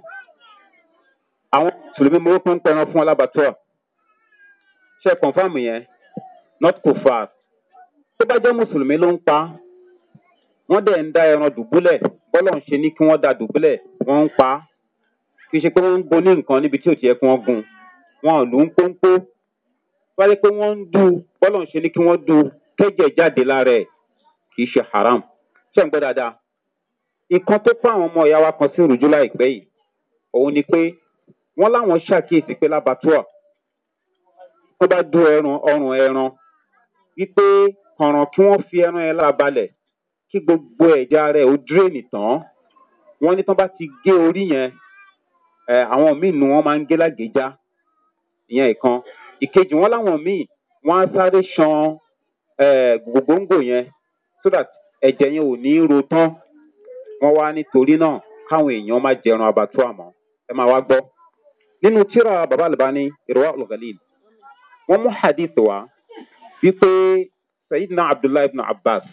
àwọn mùsùlùmí mo rò pé ń pẹran fún alábàtúà ṣe confam yẹn not too far tó bá jẹ́ mùsùlùmí ló ń pa wọ́n dẹ̀ ń da ẹran dùbúlẹ̀ bọ́lọ̀ ń ṣe ní kí wọ́n da dùbúlẹ̀ wọ́n ń pa kì í ṣe pé wọ́n ń gun ní nǹkan níbi tí ò ti yẹ kí wọ́n gun wọn ò lù ń pónpó tó pé wọ́n ń du bọ́lọ̀ ń ṣe ní kí wọ́n du kẹ́jẹ̀ jáde lára ẹ̀ kì í ṣe haram ṣé ń gbọ́ dáadáa ìkan tó pa àwọn ọmọ ìyá wa kan sí ìrújú láìpẹ́ yìí òun ni pé wọ́n láwọn ṣàkíyèsí pé lábàtúà tó bá dún ẹran ọrùn ẹran wípé ọ̀ràn kí wọ́n fi ẹran ẹ lábalẹ̀ kí gbogbo ẹ̀já rẹ̀ ó dírèènì tán wọ́n ní tán bá ti gé orí yẹn àwọn míì nu wọn máa ń gé lágéjá ìyẹn ìkan ìkejì wọn láwọn míì wọn á sáré san gbòǹgbò yẹn so that ẹ̀jẹ̀ yẹn ò ní ro tán wọn wá nítorí náà káwọn èèyàn má jẹran abattoir àmọ́ ẹ máa wá gbọ́. nínú tíra baba alibani ìrọ̀wá olùgalil wọ́n mú hadith wá wípé na abdullahi ibn abbas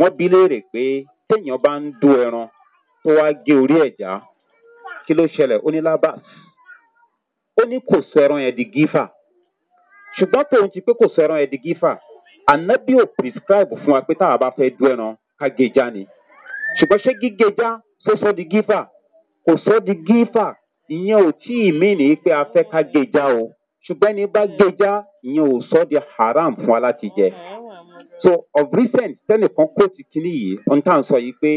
wọ́n bi léèrè pé téèyàn bá ń du ẹran tó wá gé orí ẹ̀já kí ló ṣẹlẹ̀ ó ní labas ó ní kò sọ ẹran yẹn di gífà ṣùgbọ́n tòun ti pé kò sọ yẹn di gífà ànábì ò prescribe fún wa pé táwa bá fẹ́ du ẹran ká gé e já ni ṣùgbọ́n ṣé gígé já ṣé sọ di gífà kò sọ di gífà ìyẹn ò tí ì mí nìyí pé a fẹ́ ká gé já o ṣùgbọ́n ẹni bá gé já ìyẹn ò sọ di haram fún wa láti jẹ. so of recent tẹnìkan kó ti kíní yìí ohun tá à ń sọ yìí pé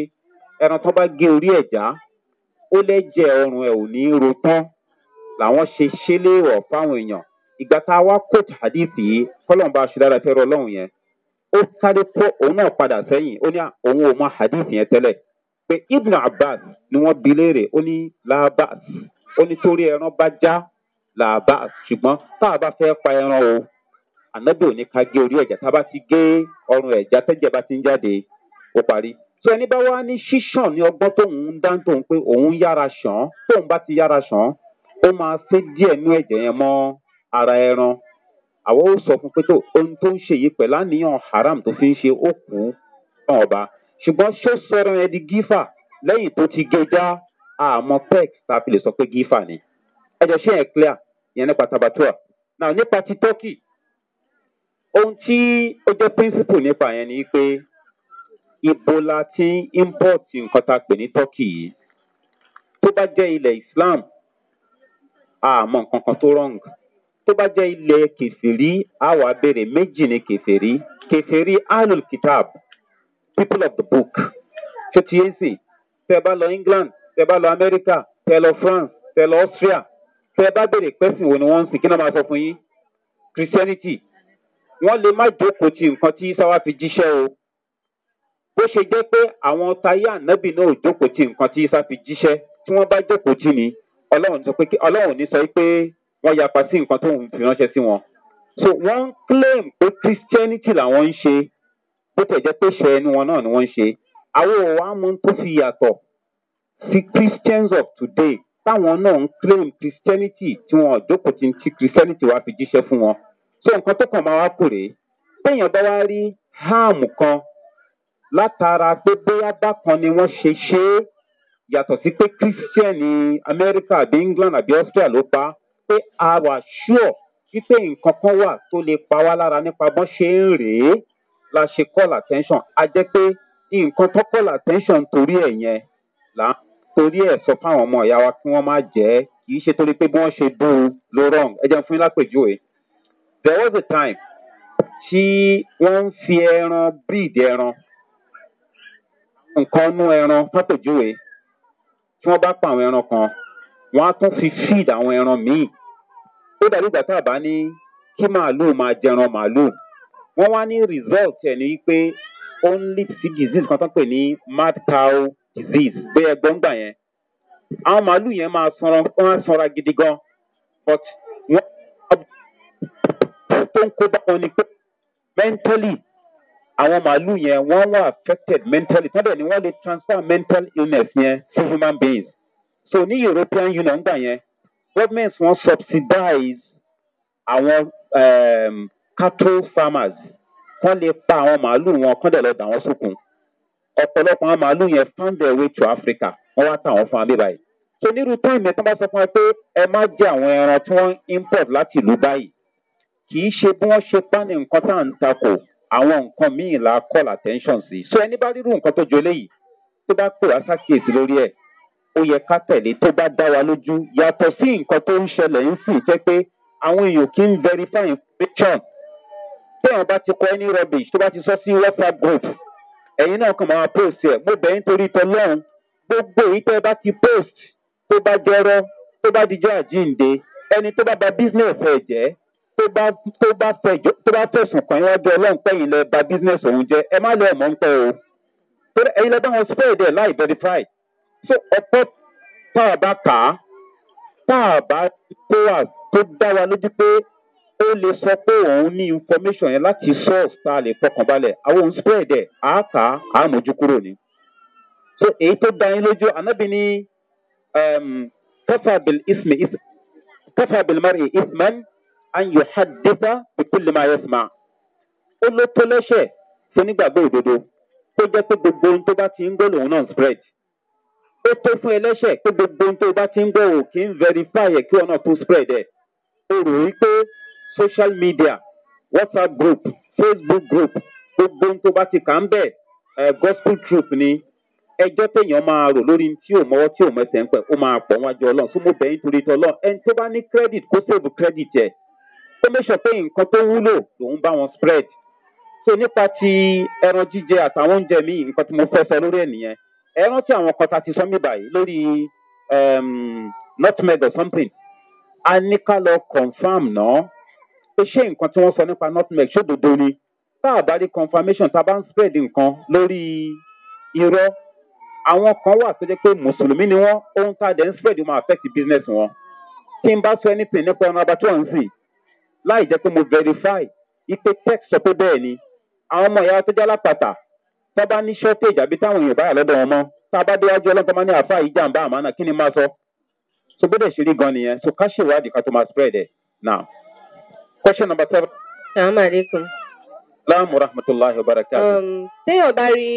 ẹran tó bá gé orí ẹ̀ já ó lẹ́jẹ̀ ọrùn ẹ̀ ò ní ro tán làwọn ṣe ṣe léèwọ̀ fáwọn èèyàn ìgbà tá a wá kóòtù hadith yìí kọ́lọ́n bá aṣọ dára fẹ́ rọ ọlọ́run yẹn ó sáré tó òun náà padà sẹ́yìn ó ní òun ò mọ hadith yẹn tẹ́lẹ̀ pé ibn abbas ni wọ́n bi léèrè ó ní laabas ó ní torí ẹran bá já laabas ṣùgbọ́n tá a bá fẹ́ pa ẹran o ànábì ò ní ká gé orí ẹ̀jẹ̀ tá a bá ti gé ọrùn ẹ̀já tẹ́jẹ̀ bá ti ń jáde ó parí. tó ẹni bá wá ní ṣíṣàn ní ọgbọ́n tóun ń dá tóun pé òun yára ṣàn tóun bá ti yára ṣàn ó máa sé díẹ̀ nú ẹ̀jẹ̀ yẹn mọ́ ara ẹran àwọn ó sọ fún pé tó ohun tó ń ṣe yìí pẹ̀lú àníyàn haram tó fi ń ṣe ó kú náà ọba ṣùgbọ́n ṣó sọ̀rọ̀ yẹn di gífà lẹ́yìn tó ti gé já àmọ́ pec tá a fi lè sọ pé gífà ni ẹ jẹ́ ṣé yẹn clear yẹn nípa tabatua náà nípa ti turkey ohun tí ó jẹ́ principle nípa yẹn ni pé ibo la ti ń import nǹkan tá a pè ní turkey yìí tó bá jẹ́ ilẹ̀ islam àmọ́ nǹkan kan tó wrong tó bá jẹ́ ilẹ̀ kẹfìrí á wàá béèrè méjì ní kẹfìrí kẹfìrí alul kitab people of the book tó ti yẹn sì tẹ bá lọ england tẹ bá lọ america tẹ lọ france tẹ lọ austria tẹ bá béèrè pẹ́sìn wo ni wọ́n ń sìn kí náà máa sọ fún yín christianity wọ́n lè má jókòó ti nǹkan tí sáwá fi jíṣẹ́ o bó ṣe jẹ́ pé àwọn táyà nábì náà ò jókòó ti nǹkan tí sáwá jíṣẹ́ tí wọ́n bá jókòó tì ní ọlọ́run ní sọ pé wọ́n yapa sí nǹkan tó ń fi ránṣẹ́ sí wọn. so wọ́n claim pé christianity làwọn ń ṣe bó tẹ̀ jẹ́ pé ṣe ẹnu wọn náà ni wọ́n ń ṣe. àwọn ò wá mú tó fi yàtọ̀ sí christians of today táwọn náà ń claim christianity tí wọn àjókòó ti ń ti christianity wá fi jíṣẹ́ fún wọn. so nǹkan tó kàn máa wá kù rèé téèyàn bá wá rí háàmù kan látara pé bóyá bákan ni wọ́n ṣe ṣe é yàtọ̀ sí pé christian ní amẹ́ríkà àbí england àbí austria ló pa á pé a wà ṣúọ̀ wípé nǹkan kan wà tó lè pa wá lára nípa bọ́n ṣe ń rèé la ṣe call attention a jẹ́ pé nǹkan tó call attention torí ẹ̀ yẹn là ń torí ẹ̀ sọ fáwọn ọmọ ìyá wa kí wọ́n má jẹ́ kì í ṣe torí pé bí wọ́n ṣe dùn ún ló wrong ẹ jẹun fún yín lápèjúwe there was a time tí wọ́n ń fi ẹran breed ẹran nǹkan nú ẹran lápèjúwe tí wọ́n bá pa àwọn ẹran kan wọn á tún fi feed àwọn ẹran míì ó dàbí ìgbà tá a bá ní kí màálùú máa jẹran màálùú wọn wá ní result ẹ ní pé ó ń disease kan tó ń pè ní mad cow disease bí ẹgbọn gbà yẹn àwọn màálùú yẹn máa sanra wọn á sanra gidi gan but wọn tó ń kó bá wọn ni pé mentally àwọn màálùú yẹn wọn wà affected mentally tọ́lẹ̀ ni wọ́n lè transfer mental illness yẹn sí human beings so ní european union gbà yẹn government wọn subsidize àwọn um, cattle farmers kán lè pa àwọn màálù wọn kán dẹ̀ lọ dà wọ́n sókun ọ̀pọ̀lọpọ̀ àwọn màálù yẹn found their way to africa wọ́n wá tà wọ́n fún abẹ́ báyìí so nírú time yẹn tán bá sọ fún wa pé ẹ má jẹ àwọn ẹran tí wọ́n import láti ìlú báyìí kì í ṣe bí wọ́n ṣe pání nǹkan tá à ń takò àwọn nǹkan míì la call attention sí so ẹni bá rírú nǹkan tó jọ léyìí tó bá pè wá sákìyèsí lórí ẹ̀ ó yẹ ká tẹ̀lé tó bá dá wa lójú yàtọ̀ sí nǹkan tó ń ṣẹlẹ̀ ń sì jẹ́ pé àwọn èèyàn kì í verify information téèyàn bá ti kọ ẹni rubbish tó bá ti sọ sí whatsapp group ẹ̀yin náà kàn máa post ẹ̀ mo bẹ̀ ń torí tọlọ́run gbogbo èyí tẹ́ bá ti post tó bá jẹ́rọ́ tó bá dijọ́ àjíǹde ẹni tó bá ba business ẹ̀ jẹ́ tó bá tó bá fẹ̀jọ́ tó bá fẹ̀sùn kàn iwájú ọlọ́run pẹ̀yìn lẹ business òun jẹ́ ẹ má lọ ọ̀mọ́ ń pẹ́ o ẹ̀yin lẹ bá wọn spread ẹ̀ láì verify so ọpẹ́ tá a bá kà á tá a bá tó wà tó dá wa lójú pé ó lè sọ pé òun ní information yẹn láti source tá a lè fọkànbalẹ̀ àwọn òun spread ẹ̀ á kà á mójú kúrò ni. so èyí tó dá yín lójú anábì ní tafabil um, ismi tafabil mari isman an yu hadisa bikulli ma yasma ó ló tó lẹ́sẹ̀ tó nígbàgbọ́ òdodo tó jẹ́ pé gbogbo ohun tó bá ti ń gbọ́ lòun náà spread ó tó fún ẹlẹ́ṣẹ̀ pé gbogbo ohun tó bá ti ń gbọ́ ò kí ń verify ẹ̀ kí wọn náà tún spread ẹ̀. o rò wí pé social media whatsapp group facebook group gbogbo ohun tó bá ti kà ń bẹ̀ ẹ̀ gospel truth ni ẹjọ́ téèyàn máa rò lórí tí ò mọ́wọ́ tí ò mẹsẹ̀ ń pẹ̀ ó máa pọ̀ wájú ọlọ́run fún mo bẹ̀ yín torí tọ́lọ́ ẹni tó bá ní credit kó save credit ẹ̀ ó mẹ́sọ̀ pé nǹkan tó wúlò lòún bá wọn spread so nípa ti ẹran jíjẹ àtàwọn oúnjẹ míì nǹkan tí mo fẹ́ sọ lórí ẹ̀ nìyẹn ẹ rántí àwọn ọkọ tá a ti sọ mí báyìí lórí ehm, nutmeg or something a ní ká lọ confam náà pé ṣé nǹkan tí wọ́n sọ nípa nutmeg ṣòdodo ni tá a bá rí confirmation tá a bá ń spread nǹkan lórí irọ́ àwọn kan wà tó jẹ́ pé mùsùlùmí ni wọ́n ohun tá a dẹ̀ ń spread máa affect business wọn tí n bá sọ anything nípa ọ̀nà àbá tí wọ́n ń sìn láì jẹ́ pé mo verify ipe text sọ pé bẹ́ẹ̀ ni àwọn ọmọ ìyá tó jẹ́ alápàtà tá ní shortage àbí táwọn èèyàn báyà lọ́dọ̀ wọn mọ́ tá a bá déwájú máa ní àfa ìjàmbá àmàna kí ni máa sọ so bóde ṣe rí gan nìyẹn so ká ṣèwádìí ká tó máa spread ẹ now question number seven. salaamu aleykum. salaamu rahmatulahi wa barakatu. Um, téèyàn bá rí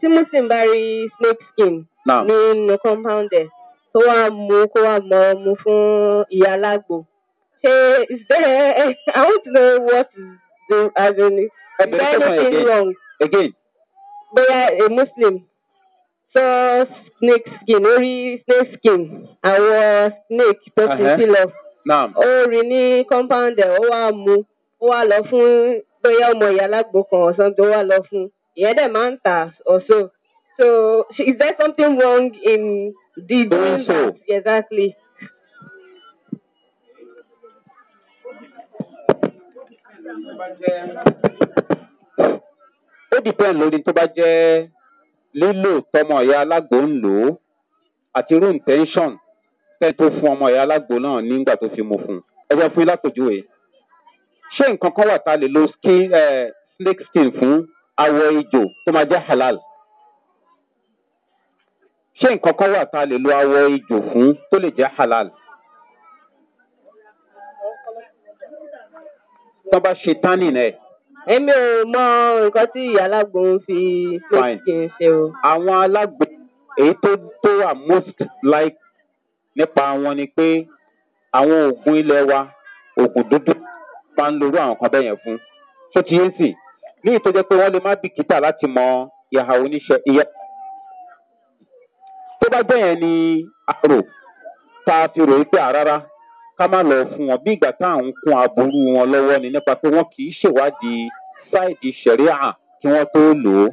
tí muslim bá rí snake skin nínú compound ẹ̀ tó wá mú kó wá mọ ọmú fún ìyá alágbo ṣé is there i want to know what is the as in is there anything wrong. again bóyá a muslim sọ snake skin ó snake skin àwọn snake tó fi sílọ ó rí ní compound ẹ̀ ó wá mu ó wá lọ fún bóyá ọmọ ìyá alágbó kan ọ̀sán tó wá lọ fún ìyẹn dẹ̀ máa ń tà ọ̀ṣọ́ so is there something wrong in the doing that exactly. Thank you ó depend lórí tó bá jẹ́ lílò tọmọ ìyá alágbo ń lò ó àti irú intention tẹ́ tó fún ọmọ ìyá alágbo náà nígbà tó fi mu fún un ẹ jẹ́ fún yín lápèjúwe ṣé nǹkan kan wà tá a lè lo skin snake skin fún awọ ejò tó máa jẹ́ halal ṣé nǹkan kan wà tá a lè lo awọ ejò fún tó lè jẹ́ halal. tọ́ bá ṣe tánì náà. Èmi ò mọ nǹkan tí ìyá alágbo fi fake ṣe o. Àwọn alágbo èyí tó tó most like nípa wọn ni pé àwọn oògùn ilẹ̀ wa oògùn dúdú máa ń lorú àwọn kan yẹn fún. Ṣé ti yé sì? Ní ìtọ́jọ́ pé wọ́n lè má bìkítà láti mọ ìhà oníṣẹ́ Tó yẹn ni a rò tá a fi rò ká má lọ fún wọn bí ìgbà tá à ń kún aburú wọn lọ́wọ́ ni nípa pé wọn kì í ṣèwádìí sáìdì sẹ̀ríà kí wọ́n tó lò ó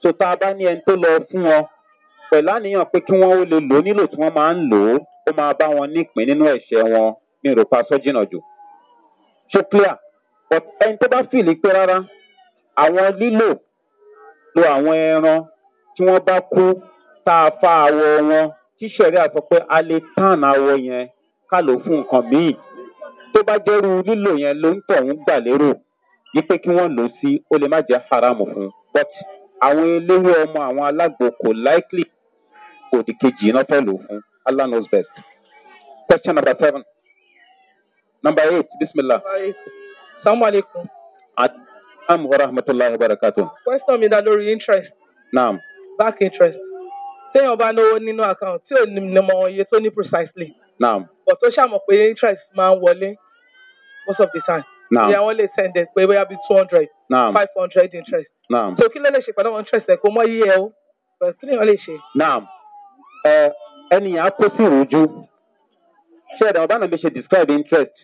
tó tá a bá ní ẹni tó lọ fún wọn pẹ̀lú àníyàn pé kí wọ́n ó lè lò ó nílò tí wọ́n máa ń lò ó ó máa bá wọn nípìn nínú ẹ̀ṣẹ̀ wọn ní ìrọ̀pá sọ́jìnà jù ṣó clear but ẹni tó bá fìlì pé rárá àwọn lílò lo àwọn ẹran tí wọ́n bá kú tá a fa àwọ̀ wọn tí sẹ̀ríà sọ tán àwọ̀ yẹn ká lò ó fún nǹkan míì tó bá jẹ́rú lílò yẹn ló ń tọ̀ ń gbà lérò wípé kí wọ́n lò ó sí ó lè má jẹ́ haram fún but àwọn eléwé ọmọ àwọn alágbo kò likely kò di kejì iná fẹ́ lò ó fún allah knows best. question number seven number eight bismillah. salaamaleykum. adamu wa rahmatulahi wa barakatu. question mi dá lórí interest. naam. back interest. téèyàn bá náwó nínú account tí ò ní mọ iye tó ní precisely Naam. But ó ṣàmọ̀ pé interest máa ń wọlé most of the time. Naam. Ìyá wọn lè send ẹ pé bóyá bíi two hundred. Naam. Five hundred interest. Naam. So kí ló lè ṣe pẹ̀lú àwọn interest ẹ̀ kó mọ iye ẹ o? Bẹ̀rẹ̀ kí lèèyàn lè ṣe? Naam. Ẹ ẹnìyàn á kó sí ìrújú. Ṣé ẹ̀dá ọ̀bá náà lè ṣe describe interest?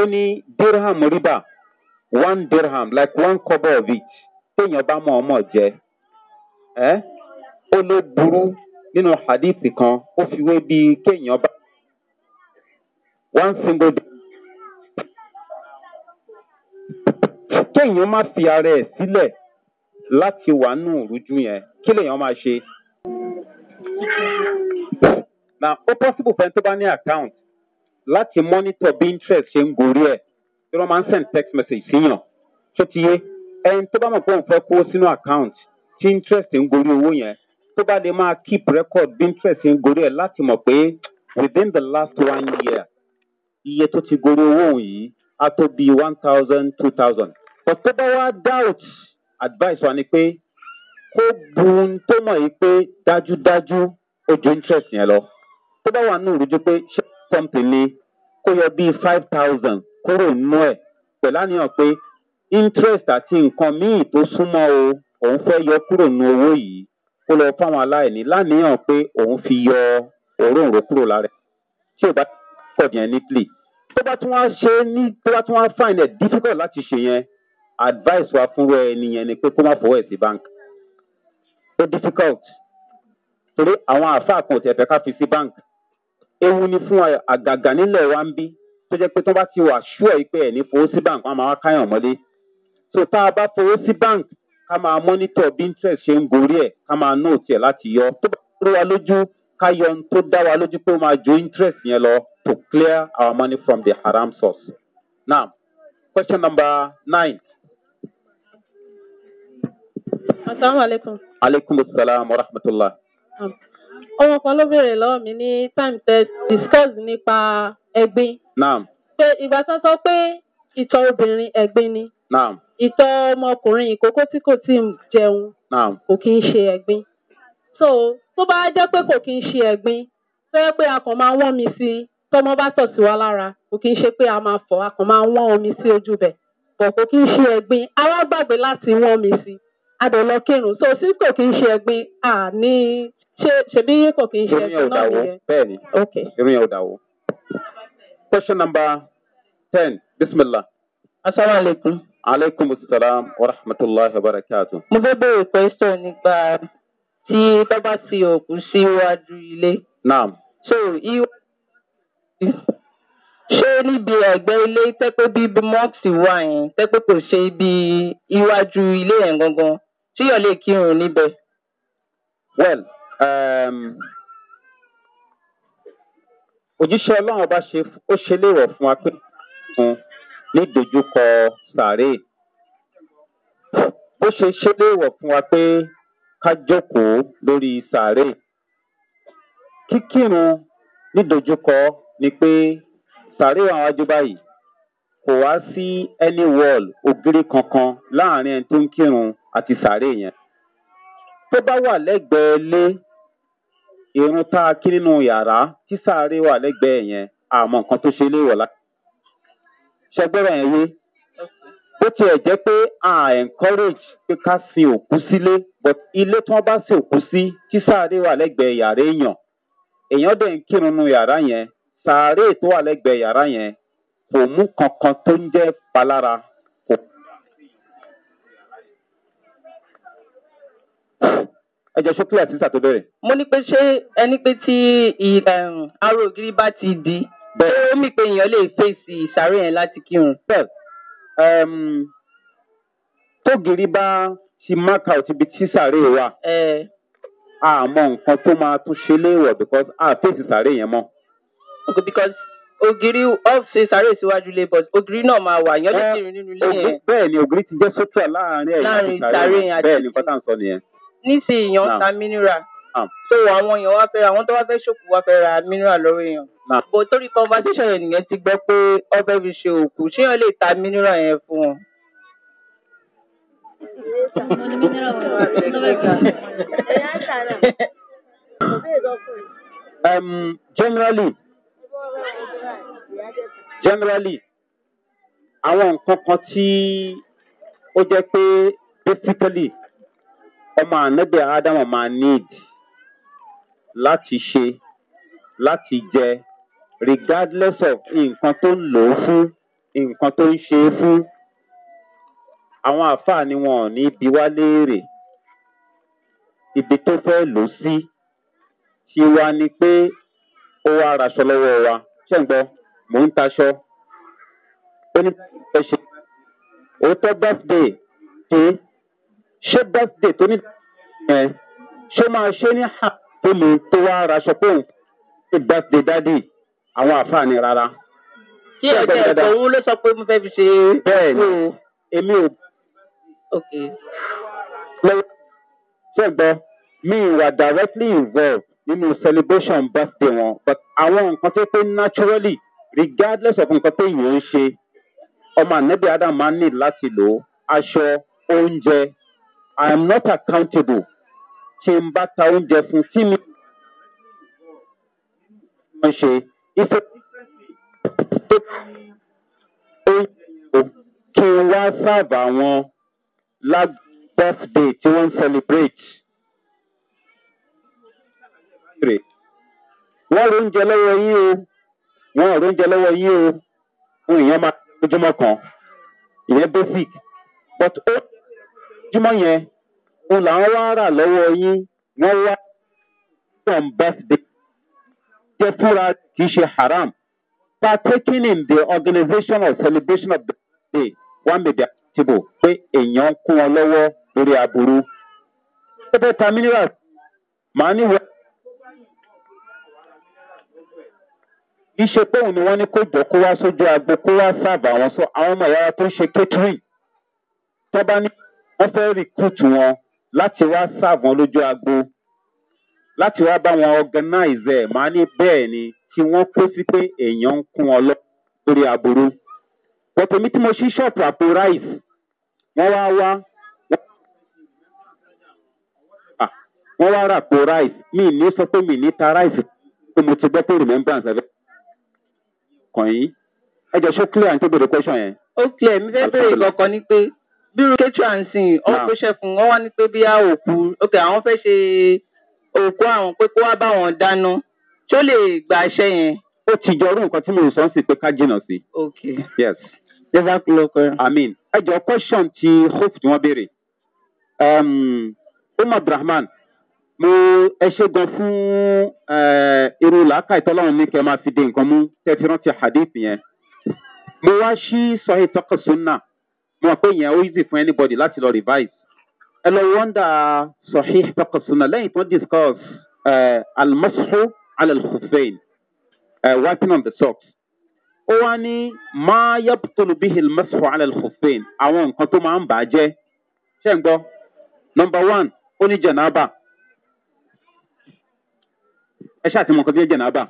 Ó ní dirham riba one dirham like one kobo of it téèyàn bá mọ̀ ọmọ jẹ́. Ẹ́ ó ló burú nínú hadithi kan ó fi wé bíi kéèyàn bá. one single day. kéèyàn má fi ara ẹ̀ sílẹ̀ láti wà nù rújú yẹn kí lèèyàn máa ṣe. na ó possible fẹ́ tó bá ní account láti monitor bí interest ṣe ń gorí ẹ̀ tí wọ́n máa ń send text message síyàn tó ti yé ẹni tó bá mọ̀ pé òun fẹ́ kó sínú account tí interest ń gorí owó yẹn tó bá lè máa keep record bí interest ń gorí ẹ̀ láti mọ̀ pé within the last one year iye tó ti gorí owó yìí á tó bí one thousand two thousand but tó bá wá doubt advice wa ni pé kó bun tó mọ̀ yìí pé dájúdájú ó interest yẹn lọ tó bá wà nù rújú pé ṣé something ni kó yọ bíi five thousand kúrò nínú ẹ̀ pẹ̀lú àníyàn pé interest àti nǹkan míì tó súnmọ́ o òun fẹ́ yọ kúrò nínú owó yìí kó lọ fáwọn aláìní láníyàn pé òun fi yọ òróǹro kúrò lára ẹ̀ tí ò bá step yẹn neatly tó bá tún wá ṣe ní tó bá tún wá find it difficult láti ṣe yẹn advice wa fúnra ẹni yẹn ni pé kó má fọwọ́ ẹ̀ sí bank ó difficult torí àwọn àfa kan ò tẹ̀ fẹ́ ká fi sí bank ewu ni fún àgàgà nílẹ̀ wa ń bí tó jẹ́ pé tó bá ti wà ṣú ẹ̀ pé ẹ̀ ní fowó sí bank wọn máa wá káyàn mọ́lé so tá a bá fowó sí bank ká máa monitor bí interest ṣe ń gorí ẹ̀ ká máa nóòtì ẹ̀ láti yọ tó bá rú lójú ká yọ ohun tó dá wa lójú pé ó máa ju interest yẹn lọ to clear our money from the haram source. now question number nine. asalaamualeykum. aleykum salaam wa rahmatulah. ọmọ kan ló béèrè lọ́wọ́ mi ní time tẹ discuss nípa ẹgbin. naam. pé ìgbà tán sọ pé ìtọ̀ obìnrin ẹ̀gbin ni. naam. ìtọ̀ ọmọkùnrin ìkókó tí kò tí ì jẹun. naam. kò kí ń ṣe ẹ̀gbin. so tó bá jẹ́ pé kò kí ń ṣe ẹ̀gbin tó jẹ́ pé a kàn máa wọ́n omi si tọ́mọ́ bá tọ̀ sí wa lára kò kí ń ṣe pé a máa fọ̀ a kàn máa wọ́n omi sí ojú ibẹ̀ bọ̀ kò kí ń ṣe ẹ̀gbin a wá gbàgbé láti wọ́n omi si a dẹ̀ lọ kírun so sí kò kí ń ṣe ẹ̀gbin à ní ṣe ṣèbí kò kí ń ṣe ẹ̀gbin náà nìyẹn. bẹ́ẹ̀ ni irú yẹn ò question number ten bisimilah. asalaamualeykum. aleykum salaam wa rahmatulahi wa barakatu. mo fẹ́ bẹ̀rẹ̀ question nípa tí tó bá ti òkú síwájú ilé. Naam. So iwájú ṣé níbi ẹ̀gbẹ́ ilé tẹ́pẹ́ bí mọ́ọ̀sì wà yẹn tẹ́pẹ́ kò ṣe ibi iwájú ilé yẹn gangan tíyàn lè kírun níbẹ̀. Well, um, òjíṣẹ́ ọlọ́run ọba ṣe ó ṣe léèwọ̀ fún wa pé fún ní dojúkọ sàárè. Ó ṣe ṣe léèwọ̀ fún wa pé ká jókòó lórí sàárè. Kíkírun nídojúkọ ni pé sàárè wà wájú báyìí. Kò wá sí any wall ògiri kankan láàrin ẹni tó ń kírun àti sàárè yẹn. Tó bá wà lẹ́gbẹ̀ẹ́ lé irun tá a kí nínú yàrá tí sàárè wà lẹ́gbẹ̀ẹ́ yẹn àmọ́ nǹkan tó ṣe léèwọ̀ lá. Ṣẹgbẹ́rẹ́ yẹn yé bó tiẹ̀ jẹ́ pé à encourage pé ká sin òkú sílé but ilé tí wọ́n bá sin òkú sí tí sáré wà lẹ́gbẹ̀ẹ́ yàrá èèyàn èèyàn dẹ̀ ń kírun yàrá yẹn sáré tó wà lẹ́gbẹ̀ẹ́ yàrá yẹn kò mú kankan tó ń jẹ́ palára ẹ jẹ ṣókí àti sísà tó bẹrẹ. mo ní pé ṣé ẹni pé tí um, aró ògiri bá ti di. bẹẹ ó pé èèyàn lè fèsì ìsàrè yẹn láti kírun. bẹẹ um, tógìrì bá ti mark out ibi tí sàárè wà àmọ́ nǹkan tó máa tún ṣe léèwọ̀ because àfẹ́sì sàárè yẹn mọ́. okay because ògiri ọ̀fṣe sáré síwájú ilé but ògiri náà máa wà yẹn lè kiri nínú ilé yẹn. bẹẹ ni ògiri ti jẹ́ sótúà láàrin ẹ̀yìn àti sáré bẹ́ẹ̀ ni nǹkan tá à ń sọ nìyẹn. nísìnyí yan ta mineral Ah. so àwọn èèyàn wá fẹ́ àwọn tó wá fẹ́ ṣòkú wá fẹ́ ra mineral lọ́wọ́ èèyàn. Ah. bó torí conversation yẹn nìyẹn ti gbọ́ pé wọ́n fẹ́ fi ṣe òkú ṣé wọ́n lè ta mineral yẹn fún wọn. um, generally generally àwọn nǹkan kan tí ó jẹ́ pé basically ọmọ ànágbé ádámọ̀ máa need láti ṣe láti jẹ regardless of nǹkan tó ń lò ó fún nǹkan tó ń ṣe é fún àwọn àáfàá ni wọn ò ní bi wá léèrè ibi tó fẹ́ lò sí ṣe wá ni pé ó wá raṣọ lọ́wọ́ wa ṣé ń gbọ́ mò ń taṣọ ó ní bẹ́ẹ̀ ṣe òótọ́ birthday ṣe ṣé birthday tó ní ẹ ṣé máa ṣe ní hàn tó lè tó wá raṣọ pé ṣe bẹ́ẹ̀dé dádì àwọn àfààní rárá. tí ọjà ẹ̀kọ́ owó ló sọ pé mo fẹ́ fi ṣe. bẹ́ẹ̀ni èmi ò. ṣé gbọ́ mi wà directly involved nínú celebration birthday wọn but àwọn nǹkan tó pé naturally regardless of nǹkan tó yìí ń ṣe ọmọ ànábì adam máa ń ní láti lò aṣọ oúnjẹ i am not accountable tí n bá ta oúnjẹ fún sí mi. wọ́n ṣe ife tó oúnjẹ kí n wá sáàbà wọn lágbàfdé tí wọ́n ń celebrate. wọ́n rí oúnjẹ lọ́wọ́ yín o wọ́n rí oúnjẹ lọ́wọ́ yín o fún ìyẹn máa lójúmọ́ kan ìyẹn basic but ó jùmọ̀ yẹn. òun làwọn wá rà lọ́wọ́ yín wọ́n wá on birthday jẹ́ fúnra kì í ṣe haram partaking in the organization or celebration of the day one may be pé èèyàn ń kún wọn lọ́wọ́ lórí aburú. ṣé bẹ́ẹ̀ ta minerals màá ní wọ́n. kì í ni wọ́n ní kó jọ kó sójú agbo kó wá sáàbà wọn sọ àwọn ọmọ ìyára tó ń wọn láti wá sàwọn lójú agbo láti wá bá wọn organize ẹ̀ máa ní bẹ́ẹ̀ ni tí wọ́n kó sí pé èèyàn ń kún ọ lọ lórí aburú. bọ́tò mi tí mo ṣí ṣọ́ọ̀pù àpò rice wọ́n wá wá wọ́n wá ah, rà àpò rice mi ní sọ pé mi ní ta rice pé mo ti gbọ́ pé remembrance ẹ̀fẹ́ kàn yín. ẹ jẹ́ ṣó clear àti tó bèrè question yẹn. ó clear mi fẹ́ bèrè kankan ni pé bírú kétra nsìn ọ pèsè fún wọn wá ní pé bí a òkú ok àwọn fẹ́ ṣe òkú àwọn pé kó wá bá wọn dáná tó lè gba iṣẹ́ yẹn. ó ti jọ irú nǹkan tí mo sọ ń sìn pé ká jìnnà sí. ok yes. jẹ́sà kú kọ́. amin ẹ jọ question ti hope tí wọ́n béèrè. umar abdulrahman mo ẹ ṣe gan fún irú làákà ìtọ́lọ́run ní kẹ́ ẹ máa fi de nǹkan mú tẹ́ rántí hadith yẹn. mo wá sí sọ́hìn tọkọ̀sọ́nà mo mọ̀ pé ìyẹn ó easy fún anybody láti lọ revise. ẹ lọ wọ́ndà sọ̀hí tọkọ̀sùnà lẹ́yìn tó ń discuss eh, almashu alalhufein eh, wiping on the socks. ó wá ní máa yẹ́pùtòlù bíi almashu alalhufein àwọn nǹkan tó máa ń bà á jẹ́. ṣé ń gbọ́? nọmba one ó ní jẹ̀nàbà. ẹ ṣáà ti mọ̀ nǹkan bí jẹ̀nàbà.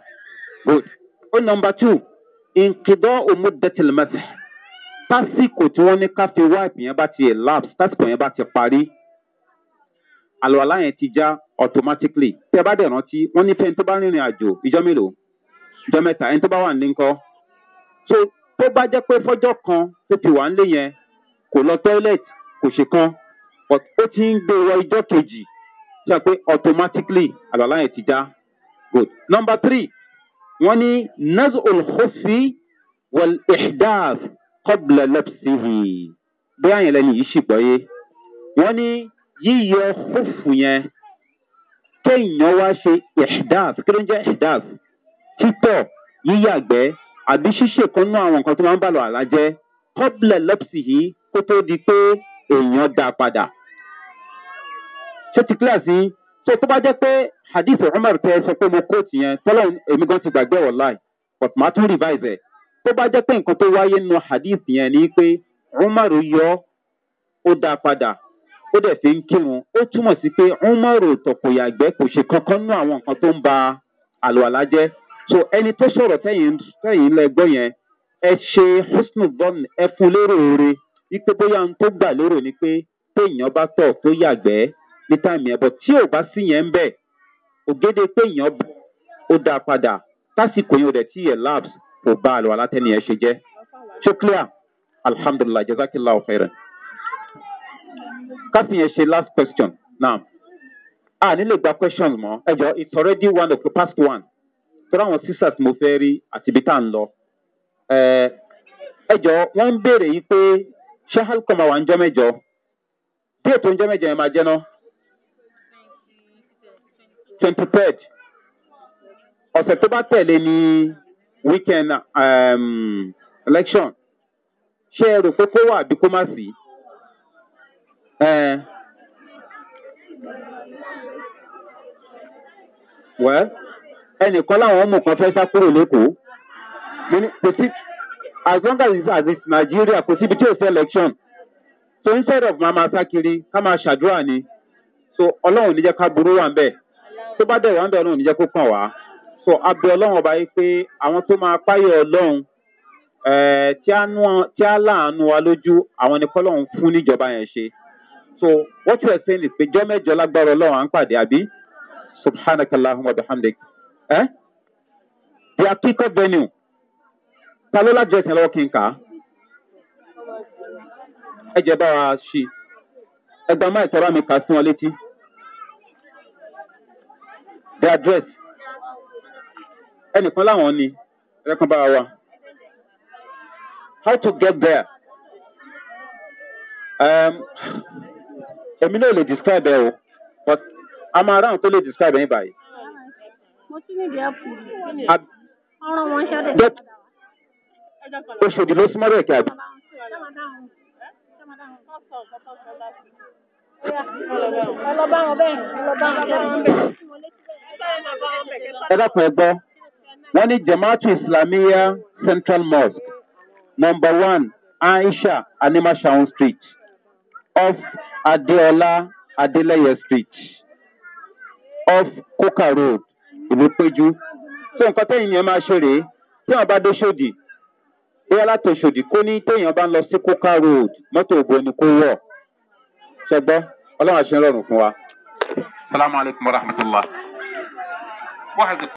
good. ó nọmba two nkidọ́ òmùdẹ́tìlmẹ́sì tásìkò tí wọ́n ní ká fi wáìpì yẹn bá ti elapse tásìkò yẹn bá ti parí àlùwàlá yẹn ti já automatically tí ẹ bá dẹ̀ rántí wọ́n ní fẹ́ni tó bá rìnrìn àjò ìjọ mélòó ìjọ mẹ́ta ẹni tó bá wà ní ńkọ́ so tó bá jẹ́ pé fọ́jọ́ kan tó ti wà ńlé yẹn kò lọ toilet kò ṣe kan ó ti ń gbé wọ ijọ́ kejì ṣe pé automatically àlùwàlá yẹn ti já good number three wọ́n ní nazul hosi wal ihdath kọ́bùlà lẹ́pìsìhì bí àyìnlá ni yìí ṣìgbọ́ yé wọ́n ní yíyọ hófù yẹn kéèyàn wá ṣe ìṣdáf kí ló ń jẹ́ ìṣdáf títọ̀ yíyàgbẹ́ àbí ṣíṣe kan nú àwọn nǹkan tó máa ń bà lọ àlá jẹ́ kọ́bùlà lẹ́pìsìhì kó tó di pé èèyàn dá padà ṣé ti kíláàsì tó tó bá jẹ́ pé hadith umar tẹ sọ pé mo kóòtù yẹn tọ́lọ́ èmi gan ti gbàgbé wọ̀ but màá tún revise ẹ̀. tó bá jẹ́ pé nǹkan tó wáyé nu hadith yẹn ni pé umaru yọ ó dá padà ó dẹ̀ fi ń kírun ó túmọ̀ sí pé umaru yàgbẹ́ kò ṣe kankan nú àwọn nǹkan tó ń ba àlùwàlá jẹ́ so ẹni tó sọ̀rọ̀ tẹ̀yìn tẹ̀yìn lẹ́gbọ́ yẹn ẹ ṣe ẹ fún lérò oore tó gbà lérò ni pé téèyàn bá tọ̀ tó yàgbẹ́ ní táìmì tí ò bá sí yẹn ń kò bá àlọ́ alátẹ́niyẹ ṣe jẹ́ ṣé clear alhamdulilah jazakillah ọ̀fẹ́rẹ́. kásìn yẹn ṣe last question now a nílò gba questions mọ́ ẹ jọ it's already one o'clock past one tọ́lá àwọn sisters mo fẹ́ rí àti ibi tá à ń lọ ẹ jọ wọ́n ń béèrè yìí pé ṣé halcom àwọn ń jọ mẹ́jọ bí ètò ń jọ mẹ́jọ yẹn máa jẹ́ náà twenty third ọ̀sẹ̀ tó bá tẹ̀lé ni weekend um, election ṣé ẹ rò pé kó wà àbí kó má sí. wẹ́ ẹnìkan láwọn ọmọ kan fẹ́ sá kúrò lẹ́kọ̀ọ́ kò sí as long as it's as it's nigeria kò síbi tí ò sí election so instead of máa máa sá kiri ká máa ṣàdúrà ni so ọlọ́run níjẹ́ ká burú wà ń bẹ̀ tó bá dẹ̀ wà ń bẹ̀ ọlọ́run níjẹ́ kó kàn wá so abẹ ọlọ́run ọba yìí pé àwọn tó máa páyọ̀ ọlọ́run tí á láàánú wa lójú àwọn ni kọ́lọ́run fún níjọba yẹn ṣe so what you are saying is pé jọ́mẹ́jọ lágbára ọlọ́run à ń pàdé àbí subhanakallahu wa bihamdik ẹ the akiko venue ta ló lájọ ìsìn lọ́wọ́ kí n kà á ẹ jẹ bá wa ṣí ẹgbàá máa ìtọ́ra mi kà sí wọn létí the address ẹnìkan láwọn ni ẹ̀kan bára wa how to get there èmi náà lè describe ẹ o but a máa ráhùn tó lè describe ẹyin báyìí. mo ti ní ìdí àpò ọ̀rọ̀ wọn ṣáde. oṣù òdìlọ súnmọ́ rẹ̀ kí a bí. ẹ lọ bá wọn bẹ́ẹ̀ ẹ lọ bá wọn bẹ́ẹ̀. ẹ dákun ẹ gbọ́ wọ́n ní jamaatu islamiyya central mosque number one aisha animashaun street off adeola adeleye street off coca road ìlúpéjú so nǹkan tẹ́yìn yẹn máa ṣe rèé tí wọ́n bá dé ṣòdì bóyá látòṣòdì kó ní téèyàn bá ń lọ sí coca road mọ́tò ògo ni kó wọ̀ ṣẹgbọ́ ọlọ́run àṣẹ rọrùn fún wa. salaamaleykum wa rahmatulah.